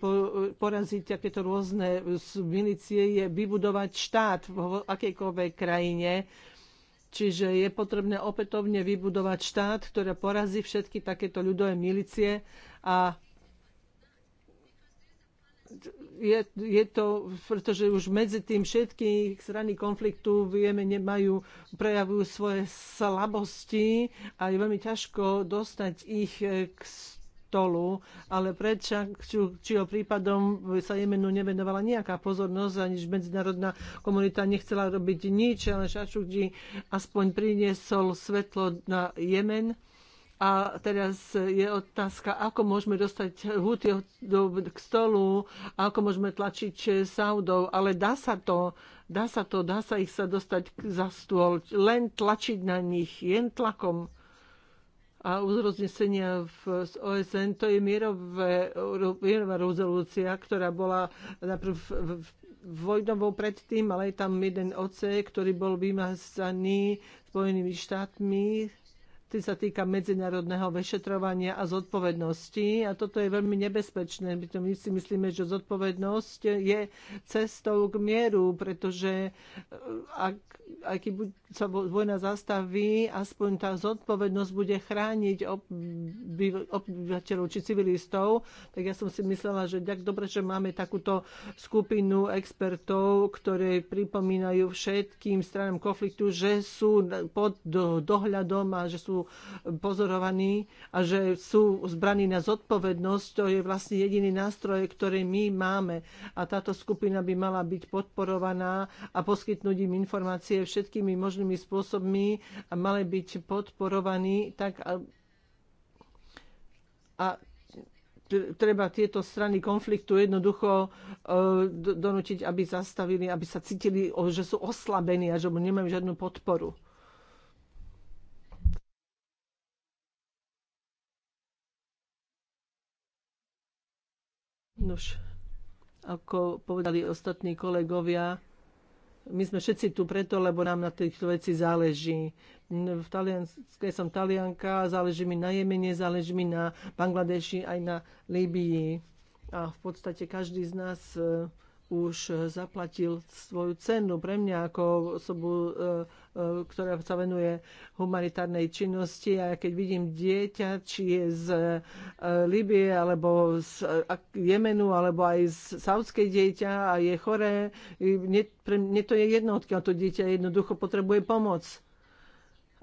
poraziť takéto rôzne milície, je vybudovať štát v akejkoľvek krajine. Čiže je potrebné opätovne vybudovať štát, ktorý porazí všetky takéto ľudové milície a je, je to, pretože už medzi tým všetky strany konfliktu vieme, nemajú, prejavujú svoje slabosti a je veľmi ťažko dostať ich eh, k stolu, ale či o prípadom sa Jemenu nevenovala nejaká pozornosť, aniž medzinárodná komunita nechcela robiť nič, ale Čangčučí aspoň priniesol svetlo na Jemen a teraz je otázka, ako môžeme dostať húty k stolu, ako môžeme tlačiť Saudov, ale dá sa to, dá sa to, dá sa ich sa dostať za stôl, len tlačiť na nich, jen tlakom a uznesenia v OSN, to je mierové, mierová rezolúcia, ktorá bola najprv vojnovou predtým, ale je tam jeden oce, ktorý bol vymazaný Spojenými štátmi Tý sa týka medzinárodného vyšetrovania a zodpovednosti. A toto je veľmi nebezpečné. My, to my si myslíme, že zodpovednosť je cestou k mieru, pretože eh, ak, ak sa vojna zastaví, aspoň tá zodpovednosť bude chrániť obyvateľov či civilistov. Tak ja som si myslela, že tak dobre, že máme takúto skupinu expertov, ktoré pripomínajú všetkým stranám konfliktu, že sú pod dohľadom a že sú sú pozorovaní a že sú zbraní na zodpovednosť, to je vlastne jediný nástroj, ktorý my máme. A táto skupina by mala byť podporovaná a poskytnúť im informácie všetkými možnými spôsobmi a mali byť podporovaní tak a, a treba tieto strany konfliktu jednoducho e, donútiť, aby zastavili, aby sa cítili, že sú oslabení a že nemajú žiadnu podporu. Nož, ako povedali ostatní kolegovia, my sme všetci tu preto, lebo nám na týchto veci záleží. V Talianskej som Talianka, záleží mi na Jemene, záleží mi na Bangladeši, aj na Líbii. A v podstate každý z nás e, už e, zaplatil svoju cenu. Pre mňa ako osobu, e, e, ktorá sa venuje humanitárnej činnosti a keď vidím dieťa, či je z Libie alebo z Jemenu alebo aj z Saudskej dieťa a je choré, pre mne to je jedno, odkiaľ to dieťa jednoducho potrebuje pomoc.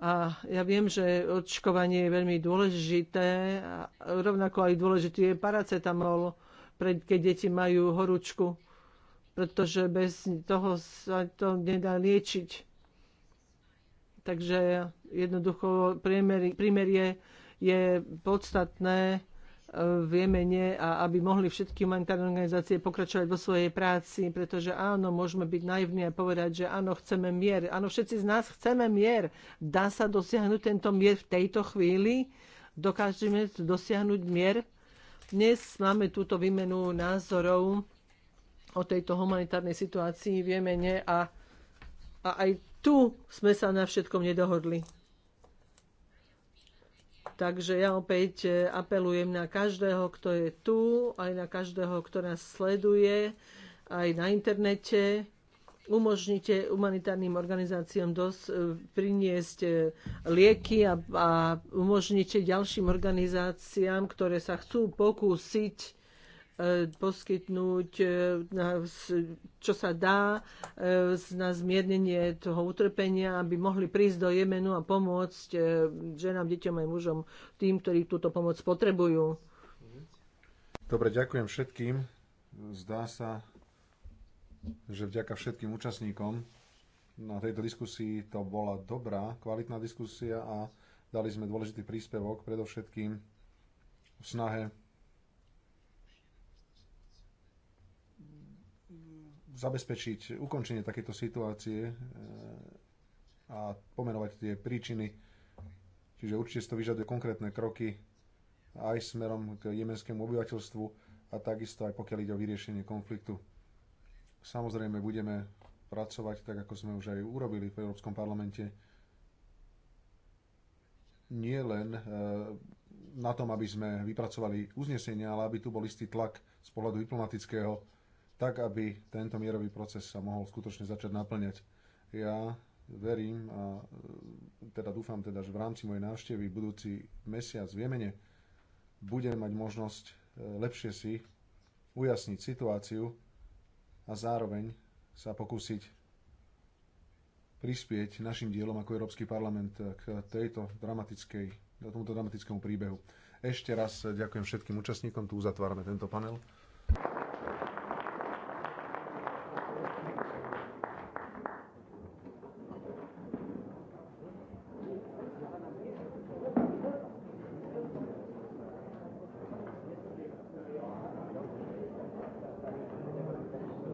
A ja viem, že očkovanie je veľmi dôležité, rovnako aj dôležitý je paracetamol, keď deti majú horúčku pretože bez toho sa to nedá liečiť. Takže jednoducho primerie je podstatné e, v Jemene a aby mohli všetky humanitárne organizácie pokračovať vo svojej práci, pretože áno, môžeme byť naivní a povedať, že áno, chceme mier. Áno, všetci z nás chceme mier. Dá sa dosiahnuť tento mier v tejto chvíli? Dokážeme dosiahnuť mier? Dnes máme túto výmenu názorov o tejto humanitárnej situácii v Jemene a, a aj tu sme sa na všetkom nedohodli. Takže ja opäť e, apelujem na každého, kto je tu, aj na každého, kto nás sleduje, aj na internete. Umožnite humanitárnym organizáciám dos- e, priniesť e, lieky a, a umožnite ďalším organizáciám, ktoré sa chcú pokúsiť E, poskytnúť, e, čo sa dá e, na zmiernenie toho utrpenia, aby mohli prísť do Jemenu a pomôcť ženám, deťom aj mužom, tým, ktorí túto pomoc potrebujú. Dobre, ďakujem všetkým. Zdá sa, že vďaka všetkým účastníkom na tejto diskusii to bola dobrá, kvalitná diskusia a dali sme dôležitý príspevok predovšetkým v snahe zabezpečiť ukončenie takéto situácie e, a pomenovať tie príčiny. Čiže určite to vyžaduje konkrétne kroky aj smerom k jemenskému obyvateľstvu a takisto aj pokiaľ ide o vyriešenie konfliktu. Samozrejme budeme pracovať tak, ako sme už aj urobili v Európskom parlamente. Nie len e, na tom, aby sme vypracovali uznesenia, ale aby tu bol istý tlak z pohľadu diplomatického tak aby tento mierový proces sa mohol skutočne začať naplňať. Ja verím a e, teda dúfam teda, že v rámci mojej návštevy budúci mesiac v Jemene budem mať možnosť e, lepšie si ujasniť situáciu a zároveň sa pokúsiť prispieť našim dielom ako Európsky parlament e, k tejto dramatickej, k tomuto dramatickému príbehu. Ešte raz ďakujem všetkým účastníkom, tu uzatvárame tento panel.